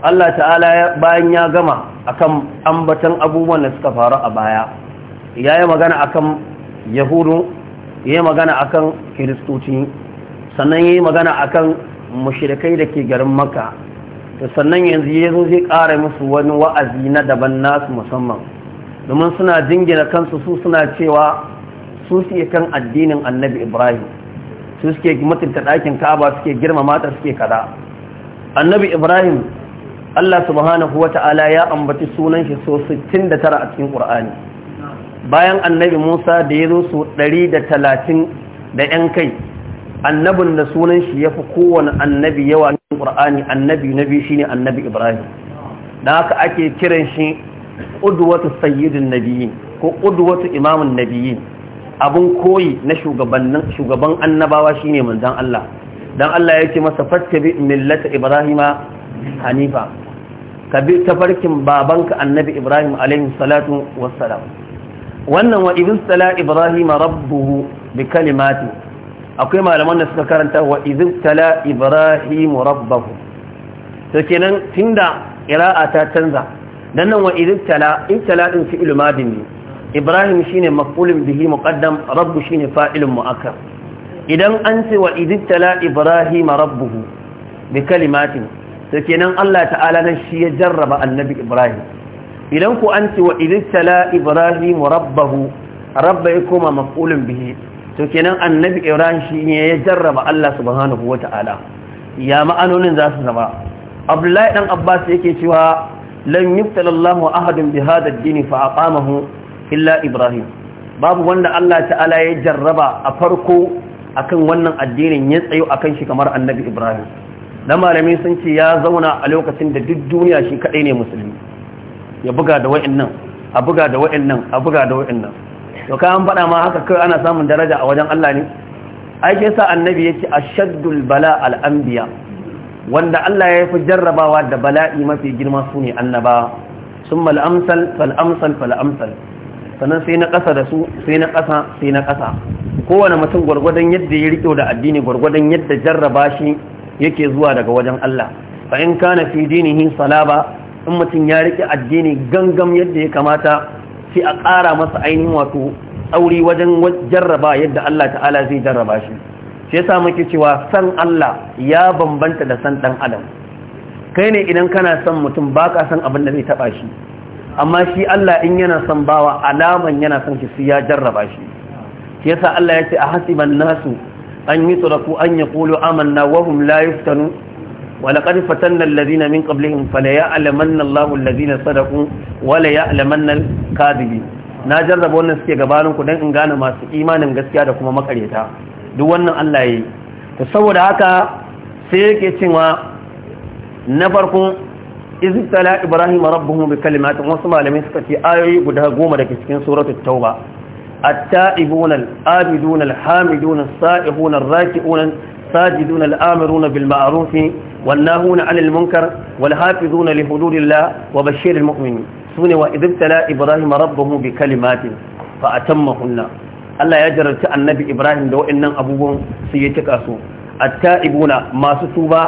Allah Ta'ala bayan ya gama akan ambatan abubuwan da suka faru a baya ya yi magana akan yahudu ya magana akan kiristoci sannan ya magana akan mushrikai da ke garin makka da sannan yanzu yazo zai ƙara musu wani wa'azi na daban nasu musamman domin suna jingina kansu su suna cewa su suke kan addinin annabi ibrahim su suke mutunta ɗakin kaba suke girmama ta suke kada. annabi ibrahim Allah subhanahu wa ta'ala ya ambaci sunan shi so 69 a cikin Qur'ani bayan annabi Musa da ya zo so 130 da ‘yan kai annabin da sunan shi ya fi kowane annabi yawa a cikin Qur'ani annabi na biyu shi annabi Ibrahim da haka ake kiran shi udwatu sayyidin nabiyyin ko udwatu imamun nabiyyin abin koyi na shugaban annabawa shine manzan Allah don Allah ya ce masa fattabi millata ibrahima hanifa ka bi tafarkin babanka annabi ibrahim alaihi salatu wassalam wannan wa ibn sala ibrahima rabbuhu bi kalimati akwai malaman da suka karanta wa ibn tala ibrahim rabbahu to kenan tunda qira'a ta canza dan wa ibn tala ibn sala din fi'il madin ne ibrahim shine makulin bihi muqaddam rabbu shine fa'ilun mu'akkar idan an ce wa ibrahim rabbuhu bi kalimatin to nan Allah ta'ala nan shi ya jarraba annabi ibrahim idan ku an ce wa idtala ibrahim rabbahu rabba ya koma makulin bihi to kenan annabi ibrahim shi ne ya jarraba Allah subhanahu wata'ala ya ma'anonin za su zama abdullahi dan abbas yake cewa lan yubtala Allahu biha da hadha ad-din fa aqamahu illa ibrahim babu wanda Allah ta'ala ya jarraba a farko akan wannan addinin ya tsayo akan shi kamar annabi ibrahim na malami sun ce ya zauna a lokacin da duk duniya shi kadai ne musulmi ya buga da wa'annan a buga da wa'annan a buga da wa'annan to kai an faɗa ma haka kai ana samun daraja a wajen Allah ne ai sai sa annabi yake ashaddul bala al anbiya wanda Allah ya fi jarrabawa da bala'i mafi girma sune annaba summa al amsal fal amsal fal amsal sannan sai na ƙasa da su sai na ƙasa sai na ƙasa kowane mutum gwargwadon yadda ya riƙe da addini gwargwadon yadda jarraba shi yake zuwa daga wajen Allah fa in kana fi dinihi salaba in mutum ya riƙe addini gangam yadda ya kamata sai a ƙara masa ainihin wato tsauri wajen jarraba yadda Allah ta'ala zai jarraba shi shi yasa muke cewa san Allah ya bambanta da san dan adam kai ne idan kana son mutum baka san abin da zai taba shi amma shi Allah in yana son bawa alaman yana son shi ya jarraba shi yasa Allah ya ce a hasiban nasu an yi tsaraku an ya kulu amanna wahum la yuftanu ولقد فتنا الذين من قبلهم فليعلمن الله الذين صدقوا وليعلمن الكاذبين na jarraba wannan suke gabanin ku don in gane masu imanin gaskiya da kuma makareta duk wannan Allah yi. to saboda haka sai yake cewa na farko iz tala ibrahim rabbuhu bi kalimatin wasu malamai suka ce ayoyi guda goma daga cikin suratul tauba التائبون الآبدون الحامدون السائحون الراكعون الساجدون الآمرون بالمعروف والناهون عن المنكر والحافظون لحدود الله وبشير المؤمنين سنة وإذ ابتلى إبراهيم ربه بكلمات فأتمهن الله يجرد النبي إبراهيم دو إنن أبوهم سيتكاسو التائبون ما ستوبا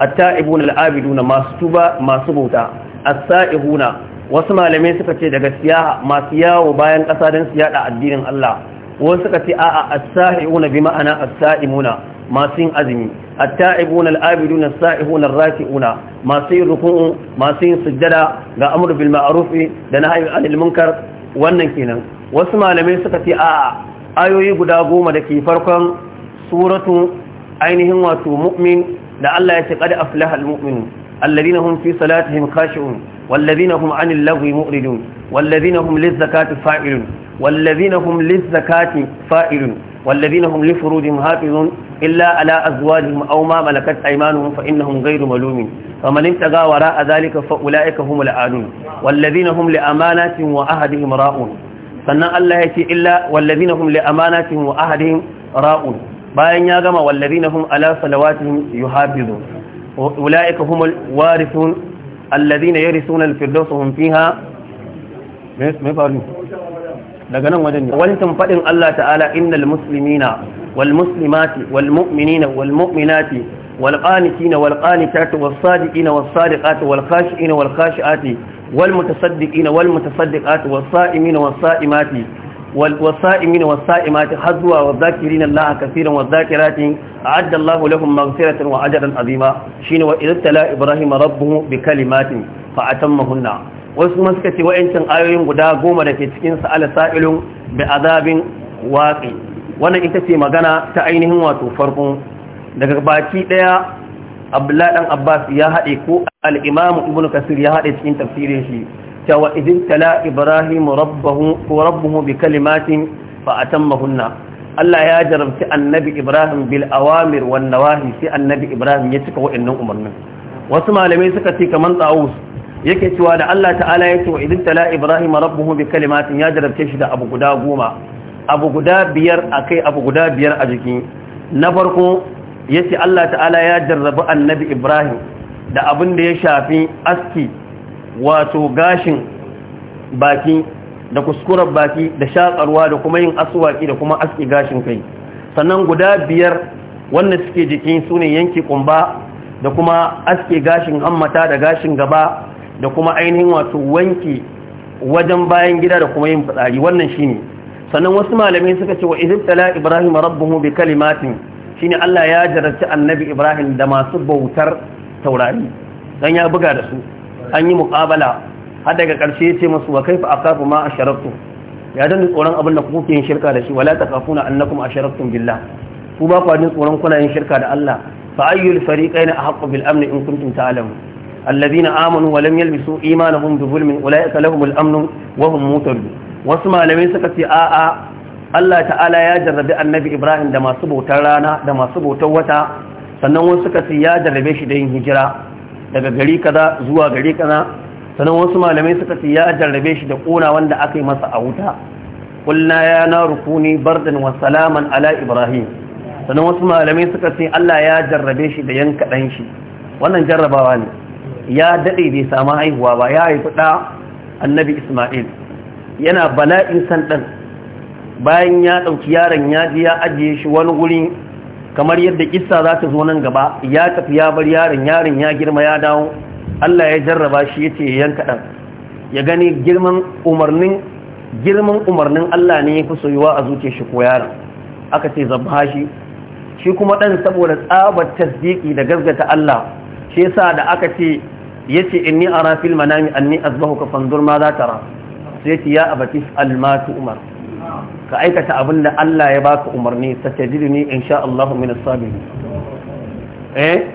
at-ta'ibuna al-abiduna masu tuba masu bauta as-sa'ihuna wasu malamai suka ce daga siyaha masu yawo bayan ƙasa don su yada addinin Allah wasu suka ce a'a as-sa'ihuna bi ma'ana as-sa'imuna masu yin azumi at-ta'ibuna al-abiduna as-sa'ihuna ar-raki'una masu yin ruku'u masu yin sujjada ga amru bil ma'ruf da nahyi anil munkar wannan kenan wasu malamai suka ce a'a ayoyi guda goma da ke farkon suratu ainihin wato mu'min da Allah ya ce qad aflaha almu'minun alladhina hum fi salatihim khashi'un walladhina hum 'anil laghwi mu'ridun walladhina hum lizzakati fa'ilun walladhina hum lizzakati fa'ilun walladhina hum lifurujihim hafizun illa ala azwajihim aw ma malakat aymanuhum fa innahum malumin faman intaga wara dhalika fa ulaika humul adun walladhina hum liamanatin wa ra'un sannan Allah ya ce illa walladhina hum liamanatin wa ra'un bayan ya gama wallazina hum ala salawatihim yuhafizun ulaika humul warithun alladhina yarithuna al-firdausa hum fiha me faru daga nan wajen ne wancan faɗin Allah ta'ala innal muslimina wal muslimati wal mu'minina wal mu'minati wal qanitina wal qanitati was sadiqina was sadiqati wal khashiina wal khashiati wal mutasaddiqina wal mutasaddiqati was sa'imina was sa'imati والصائمين والصائمات حزوا والذاكرين الله كثيرا والذاكرات أعد الله لهم مغفرة وأجرا عظيما شين وإذ ابتلى إبراهيم ربه بكلمات فأتمهن wasu kuma suka ce wa'ancin ayoyin guda goma da ke cikin sa'ala sa'ilun bi azabin waqi wannan ita ce magana ta ainihin wato farkon daga baki ɗaya Abdullahi dan Abbas ya hade ko al-Imam Kasir ya hade cikin tafsirin shi cewa idin tala ibrahim rabbuhu bi kalimatin fa atammahunna Allah ya jarabci annabi ibrahim bil awamir wan nawahi sai annabi ibrahim ya cika wa'annan umarnin wasu malamai suka ce kaman tsawus yake cewa da Allah ta'ala ya ce wa idin tala ibrahim rabbuhu bi kalimatin ya jarabce shi da abu guda goma abu guda biyar akai abu guda biyar a jiki na farko yace Allah ta'ala ya jarrabi annabi ibrahim da abin da ya shafi aski wato gashin baki da kuskuren baki da shakarwa da kuma yin asuwaki da kuma aski gashin kai sannan guda biyar wannan suke jikin su ne yanki kumba da kuma aske gashin hammata da gashin gaba da kuma ainihin wato wanki wajen bayan gida da kuma yin fitsari wannan shine sannan wasu malamai suka ce wa idh tala ibrahim rabbuhu bi kalimatin shine Allah ya jarrace annabi ibrahim da masu bautar taurari dan ya buga da su an yi muƙabala har daga ƙarshe ya ce masu wa kaifa akafu ma asharaftu ya dan tsoron abin da kuke yin shirka da shi wala takafuna annakum asharaftum billah ku ba ku jin tsoron kuna yin shirka da Allah fa ayyul fariqayn ahqqu bil amn in kuntum ta'lamun alladhina amanu wa lam yalbisu imanahum bi zulmin ulaika lahumul amn wa hum muhtadun wasu malamai suka ce a'a Allah ta'ala ya jarrabi annabi Ibrahim da masu bautar rana da masu bautar wata sannan wasu suka ce ya jarrabe shi da yin hijira daga gari kaza zuwa gari kaza sanan wasu malamai suka ce ya jarrabe shi da kona wanda aka yi masa a wuta kulna ya naru kuni bardan wa salaman ala ibrahim sanan wasu malamai suka ce Allah ya jarrabe shi da yanka dan shi wannan jarrabawa ne ya dade bai samu haihuwa ba ya haifi da annabi isma'il yana bala'in san dan bayan ya dauki yaron ya je ya ajiye shi wani guri kamar yadda kissa za ta zo nan gaba ya tafi ya bar yaron yaron ya girma ya dawo Allah ya jarraba shi yace yanka dan ya gani girman umarnin girman umarnin Allah ne yafi soyuwa a zuciyar shi ko yaron aka ce zabba shi shi kuma dan saboda tsabar tasdiki da gazgata Allah shi yasa da aka ce yace inni ara fil manami anni ka fanzur ma za tara sai ya abati al umar ka aikata abin da Allah ya baka umarni satajiduni insha Allah min as-sabirin eh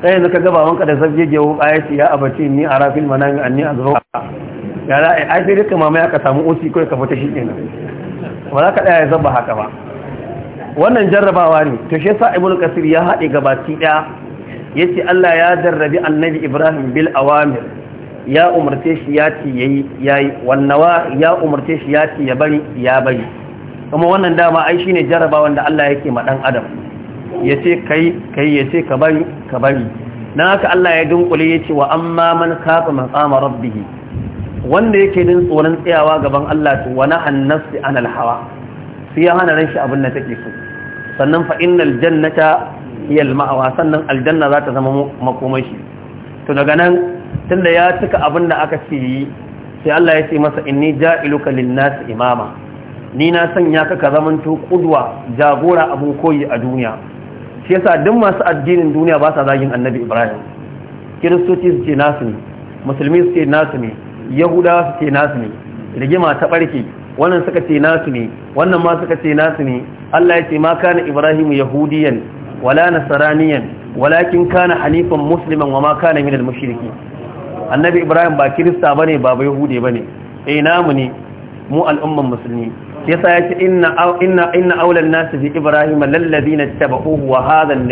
sai yanzu ka gaba wanka da zabjeje wuka ya ce ya abace ni a rafil manami anni azruka ya za a sai duka mamaya ka samu osi kai ka fita shi kenan ba za ka daya ya zaba haka ba wannan jarrabawa ne to shi yasa ibnu kasir ya haɗe gabaki daya yace Allah ya jarrabi annabi Ibrahim bil awamir ya umarce shi ya ce ya yi wannawa ya umarce shi ya ce ya bari ya bari kuma wannan dama ai ne jaraba da Allah yake ma dan adam yace kai kai yace ka bari ka bari na haka Allah ya dunkule yace wa amma man kafa maqama rabbih wanda yake din tsoron tsayawa gaban Allah to wa nahan nafsi anil hawa ya hana ran shi abin da take so sannan fa innal jannata yal ma'awa sannan aljanna za ta zama makomai shi to daga nan tunda ya cika abin da aka ce yi sai Allah ya ce masa inni ja'iluka lin-nas imama ni na sanya ka ka zamanto kudwa jagora abun koyi a duniya shi yasa duk masu addinin duniya ba sa zagin Annabi Ibrahim kiristoci su ce nasu ne musulmi su ce nasu ne yahudawa su ce nasu ne rigima ta barke wannan suka ce nasu ne wannan ma suka ce nasu ne Allah ya ce ma kana Ibrahim yahudiyan wala nasraniyan walakin kana halifan musliman wa ma kana minal mushriki annabi ibrahim ba kirista bane ba bai hude ne. eh namu ne mu al'umman musulmi yasa ya ce inna inna awlan nas bi ibrahim lalladina tabahu wa hadha an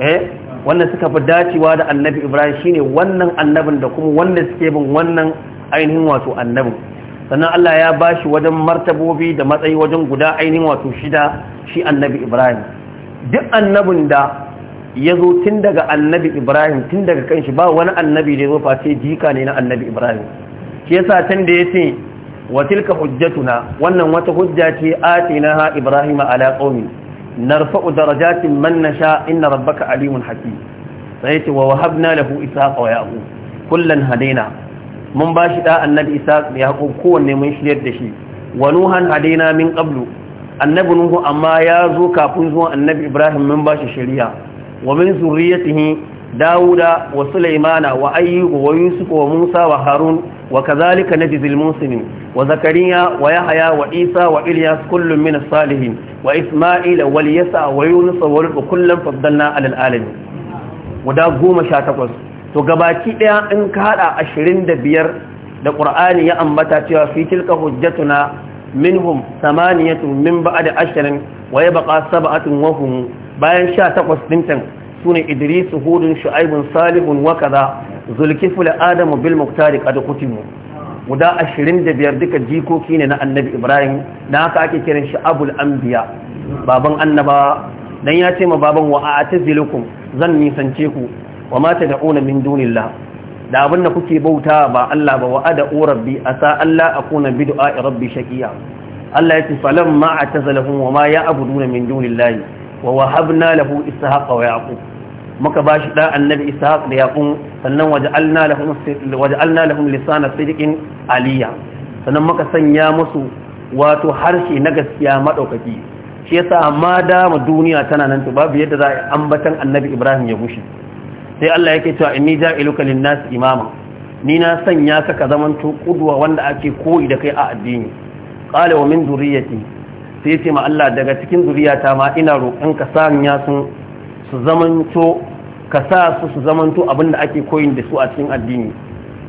eh wannan suka fi dacewa da annabi ibrahim shine wannan annabin da kuma wanda suke bin wannan ainihin wato annabin sannan Allah ya bashi wajen martabobi da matsayi wajen guda ainihin wato shida shi annabi ibrahim duk annabin da ya zo tun daga annabi ibrahim tun daga kanshi ba wani annabi da ya zo face jika ne na annabi ibrahim shi yasa can da ya ce wa tilka hujjatuna wannan wata hujja ce ha Ibrahim ala qaumi narfa'u darajatin man nasha inna rabbaka alimun hakim sai ce wa wahabna lahu ishaqa wa yaqub kullan hadaina mun bashi da annabi ishaq da yaqub kowanne mun shiryar da shi wa nuhan hadaina min qablu annabi nuhu amma ya zo kafin zuwan annabi ibrahim mun bashi shari'a wa min zurriyatihi dawuda wa sulaimana wa ayyub wa yusuf wa musa wa harun wa kadhalika najzil muslimin wa zakariya wa Yahaya wa isa wa ilyas kullun min as-salihin wa isma'ila wa yasa wa yunus wa rubu kullun faddalna 'ala al-alamin guda 18 to gabaki daya in ka hada ashirin da biyar da ƙur'ani ya ambata cewa fi tilka hujjatuna minhum thamaniyatun min ba'di ashrin wa yabqa sab'atun wa hum bayan sha takwas ɗin su ne idris hudun shu'aibun salihun wa kaza zulkiful adamu bil muktari qad kutimu guda ashirin da biyar duka jikoki ne na annabi ibrahim na haka ake kiran shi abul anbiya baban annaba dan ya ce ma baban wa a'tazilukum zan nisance ku wa ma tad'una min dunillah da abin da kuke bauta ba Allah ba wa ad'u rabbi asa Allah akuna bi du'a rabbi shaqiya Allah ya ce falamma a'tazalahum wa ma ya'buduna min dunillahi wa wahabna lahu ishaqa wa yaqub muka bashi da annabi ishaq da yaqub sannan waja'alna lahum waja'alna lahum lisana sidqin aliya sannan muka sanya masu wato harshe na gaskiya madaukaki shi yasa ma dama duniya tana nan babu yadda za a ambatan annabi ibrahim ya gushi sai Allah yake cewa inni ja'iluka lin-nas imama ni na sanya ka ka zamanto kudwa wanda ake koyi da kai a addini qala wa min dhurriyyati sai ce ma Allah daga cikin zuriyata ma ina roƙon ka sanya sun su zamanto ka sa su su zamanto abinda ake koyin da su a cikin addini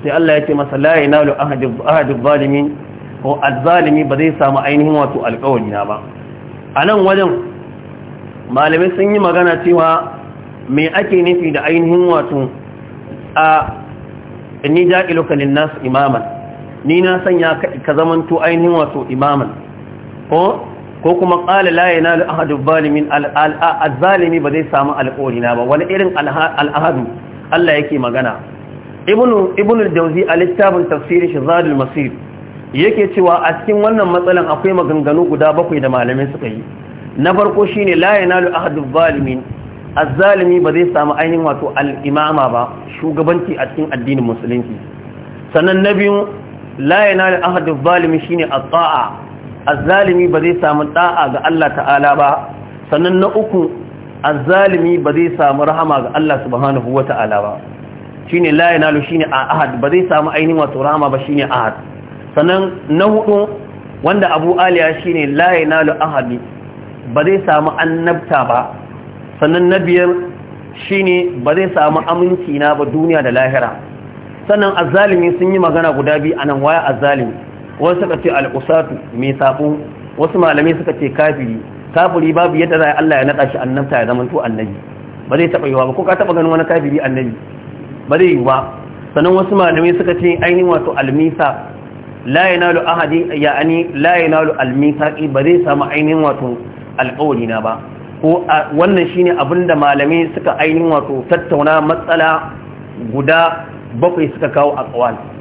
sai Allah ya ce masa la yanalu ahad zalimin ko azzalimi ba zai samu ainihin wato alƙawari na ba a nan wajen malamai sun yi magana cewa me ake nufi da ainihin wato a ni ja'iluka lin-nas imaman ni na sanya ka zamanto ainihin wato imaman ko ko kuma ƙala la na ahadu zalimin al ba zai samu alƙorina ba wani irin al Allah yake magana ibnu dauzi a littafin tafsirin shizadul masir yake cewa a cikin wannan matsalan akwai maganganu guda bakwai da malamai suka yi na farko shi ne la na ahadu zalimin azzalimi ba zai samu ainihin wato al'imama ba shugabanci a cikin addinin musulunci sannan na biyu la na da ahadu shi shine a tsa'a azzalimi ba zai samu da'a ga Allah ta'ala ba sannan na uku azzalimi ba zai samu rahama ga Allah subhanahu ta'ala ba shine la yanalu shine ahad ba zai samu ainihin wato rahama ba shine ahad sannan na hudu wanda Abu Aliya shine la yanalu ahadi ba zai samu annabta ba sannan na biyar shine ba zai samu aminci na ba duniya da lahira sannan azzalimi sun yi magana guda biyu anan waya azzalimi wasu suka ce alƙusatu mai sako wasu malamai suka ce kafiri kafiri babu yadda za Allah ya naɗa shi annabta ya zama to annabi ba zai taɓa yiwa ba ko ka taɓa ganin wani kafiri annabi ba zai yiwu ba sannan wasu malamai suka ce ainihin wato almisa la yanalu ahadi ya'ani la yanalu almisaqi ba zai samu ainihin wato alƙawari na ba ko wannan shine da malamai suka ainihin wato tattauna matsala guda bakwai suka kawo a ƙawali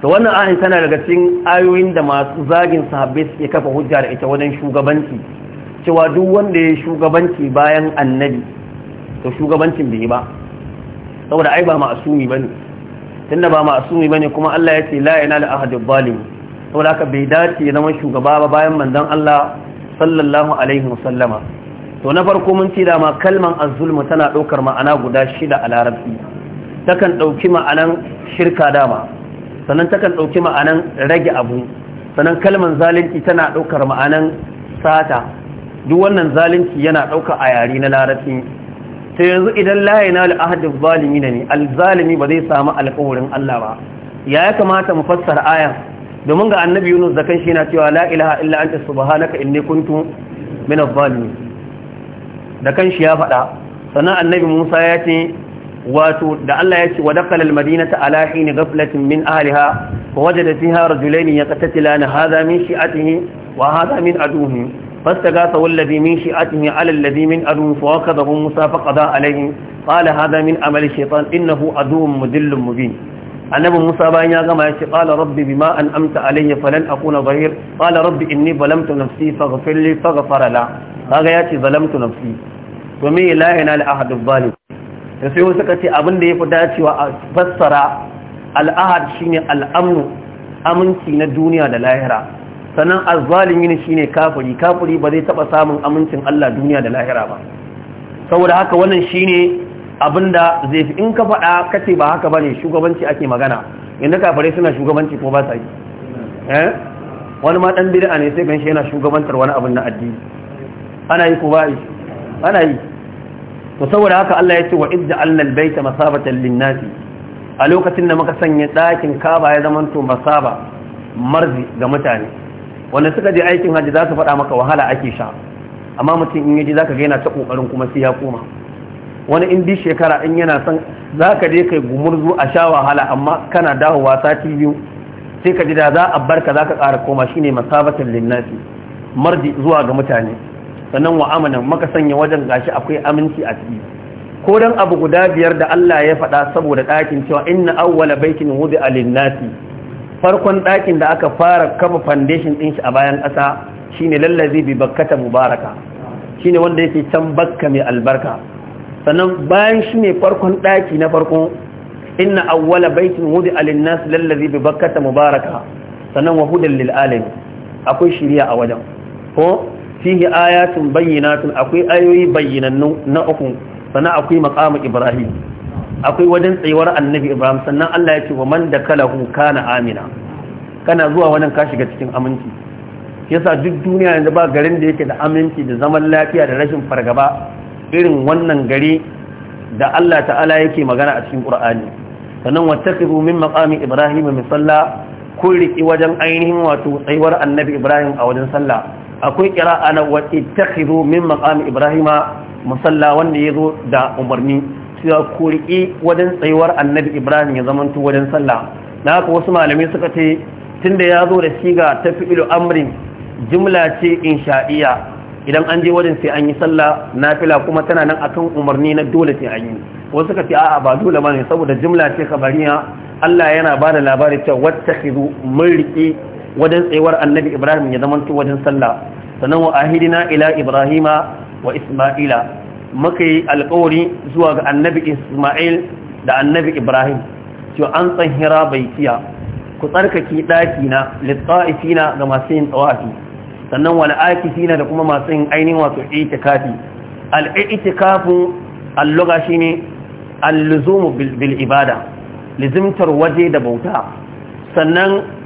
to wannan ayin tana daga cikin ayoyin da masu zagin sahabbai suke kafa hujja da ita wajen shugabanci cewa duk wanda ya shugabanci bayan annabi to shugabancin bai ba saboda ai ba ma'asumi bane tunda ba ma'asumi bane kuma Allah ya ce la yanal ahadul zalim saboda haka bai dace ya zama shugaba ba bayan manzon Allah sallallahu alaihi wasallama to na farko mun da dama kalman az-zulm tana ɗaukar ma'ana guda shida a larabci takan ɗauki ma'anan shirka dama sannan takan ɗauki ma'anan rage abu sannan kalmar zalunci tana ɗaukar ma'anan sata duk wannan zalunci yana ɗauka a yare na larabci sai yanzu idan layina al'ahadin zalimi ne alzalimi ba zai samu alkawarin Allah ba ya ya kamata mu fassara aya domin ga annabi yunus da kanshi yana cewa la ilaha illa anta subhanaka inni kuntu min adh da kanshi ya faɗa sannan annabi musa ya ce wato da Allah ya ce wa dakala almadinata ala hin ghaflatin min ahliha wa wajada fiha rajulayn yaqtatilana hadha min shi'atihi wa hadha min aduhi فاستغاث والذي من شيعته على الذي من عدو فواكبه موسى فقضى عليه قال هذا من عمل الشيطان انه عدو مذل مبين annabi Musa bayan ya gama ya ce qala rabbi bima an amta alayya falan akuna zahir qala rabbi inni zalamtu nafsi faghfir li faghfara la kaga ya ce zalamtu nafsi to me la ilaha illa ahadu zalim da sai wasu suka ce abin da ya fi dacewa a fassara al'ahad ne al'amnu aminci na duniya da lahira sannan shi ne kafuri kafuri ba zai taba samun amincin Allah duniya da lahira ba saboda haka wannan shi ne abin da zai fi in ka faɗa kace ba haka bane shugabanci ake magana inda kafare suna shugabanci ko ba sa yi eh? wani ma ɗan bid'a ne sai ganshi yana shugabantar wani abin na addini ana yi ko ba yi ana yi to saboda haka Allah ya ce wa idda allal baita masabatan linnasi a lokacin da muka sanya dakin kaba ya zama to masaba marzi ga mutane wanda suka je aikin haji za su faɗa maka wahala ake sha amma mutum in yaji zaka ga yana ta kokarin kuma sai ya koma wani in bi shekara in yana san zaka je kai gumurzu a sha wahala amma kana dawowa sati biyu sai ka ji da za a barka zaka ƙara koma shine masabatan linnasi marzi zuwa ga mutane sannan wa amanan maka sanya wajen gashi akwai aminci a ciki ko dan abu guda biyar da Allah ya faɗa saboda ɗakin cewa inna awwala baitin wudi alinnasi farkon ɗakin da aka fara kafa foundation ɗin shi a bayan ƙasa shine lallazi bi bakkata mubaraka shine wanda yake can bakka mai albarka sannan bayan shi ne farkon ɗaki na farko inna awwala baitin wudi alinnasi lallazi bi bakkata mubaraka sannan wa hudan lil alamin akwai shiriya a wajen ko fihi ayatun bayyinatun akwai ayoyi bayyinannu na uku sannan akwai maqamu ibrahim akwai wajen tsayuwar annabi ibrahim sannan Allah ya ce wa man dakalahu kana amina kana zuwa wannan ka shiga cikin aminci yasa duk duniya yanzu ba garin da yake da aminci da zaman lafiya da rashin fargaba irin wannan gari da Allah ta'ala yake magana a cikin Qur'ani sannan wattaqibu min maqami ibrahim misalla kulli kun wajen ainihin wato tsayuwar annabi ibrahim a wajen sallah akwai kira'a na wa ittakhidhu min maƙamin ibrahima musalla wanda ya zo da umarni cewa ya riki wajen tsayuwar annabi ibrahim ya zamanto wajen sallah na haka wasu malamai suka ce tunda ya zo da shiga ta fi'ilu amrin jimla ce insha'iya idan an je wajen sai an yi sallah nafila kuma tana nan akan umarni na dole sai an yi wasu suka ce a'a ba dole bane saboda jimla ce kabariya Allah yana ba da labari cewa wattakhidhu mun riƙe. wajen tsayuwar annabi ibrahim ya zamanta wajen sallah sannan wa ahidina ila ibrahima wa isma'ila muka yi alkawari zuwa ga annabi isma'il da annabi ibrahim cewa an bai baitiya ku tsarkake na littafina ga masu yin tsawafi sannan wani akifina da kuma masu yin ainihin wato itikafi al'itikafin alluga shi ne alluzumu bil ibada lizimtar waje da bauta sannan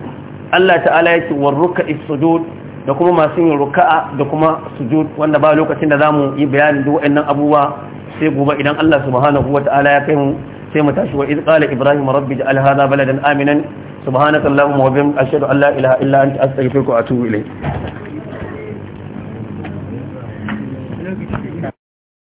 Allah ta'ala yake warruka ruk'i sujud da kuma masu yin ruka'a da kuma sujud wanda ba lokacin da zamu yi bayani duk waɗannan abubuwa sai gobe idan Allah subhanahu wata'ala ya kai mu sai mu tashi wa idh ibrahim rabbi ja'al hadha baladan aminan subhanaka allahumma wa bihamdika ashhadu an la ilaha illa anta astaghfiruka wa atubu ilayk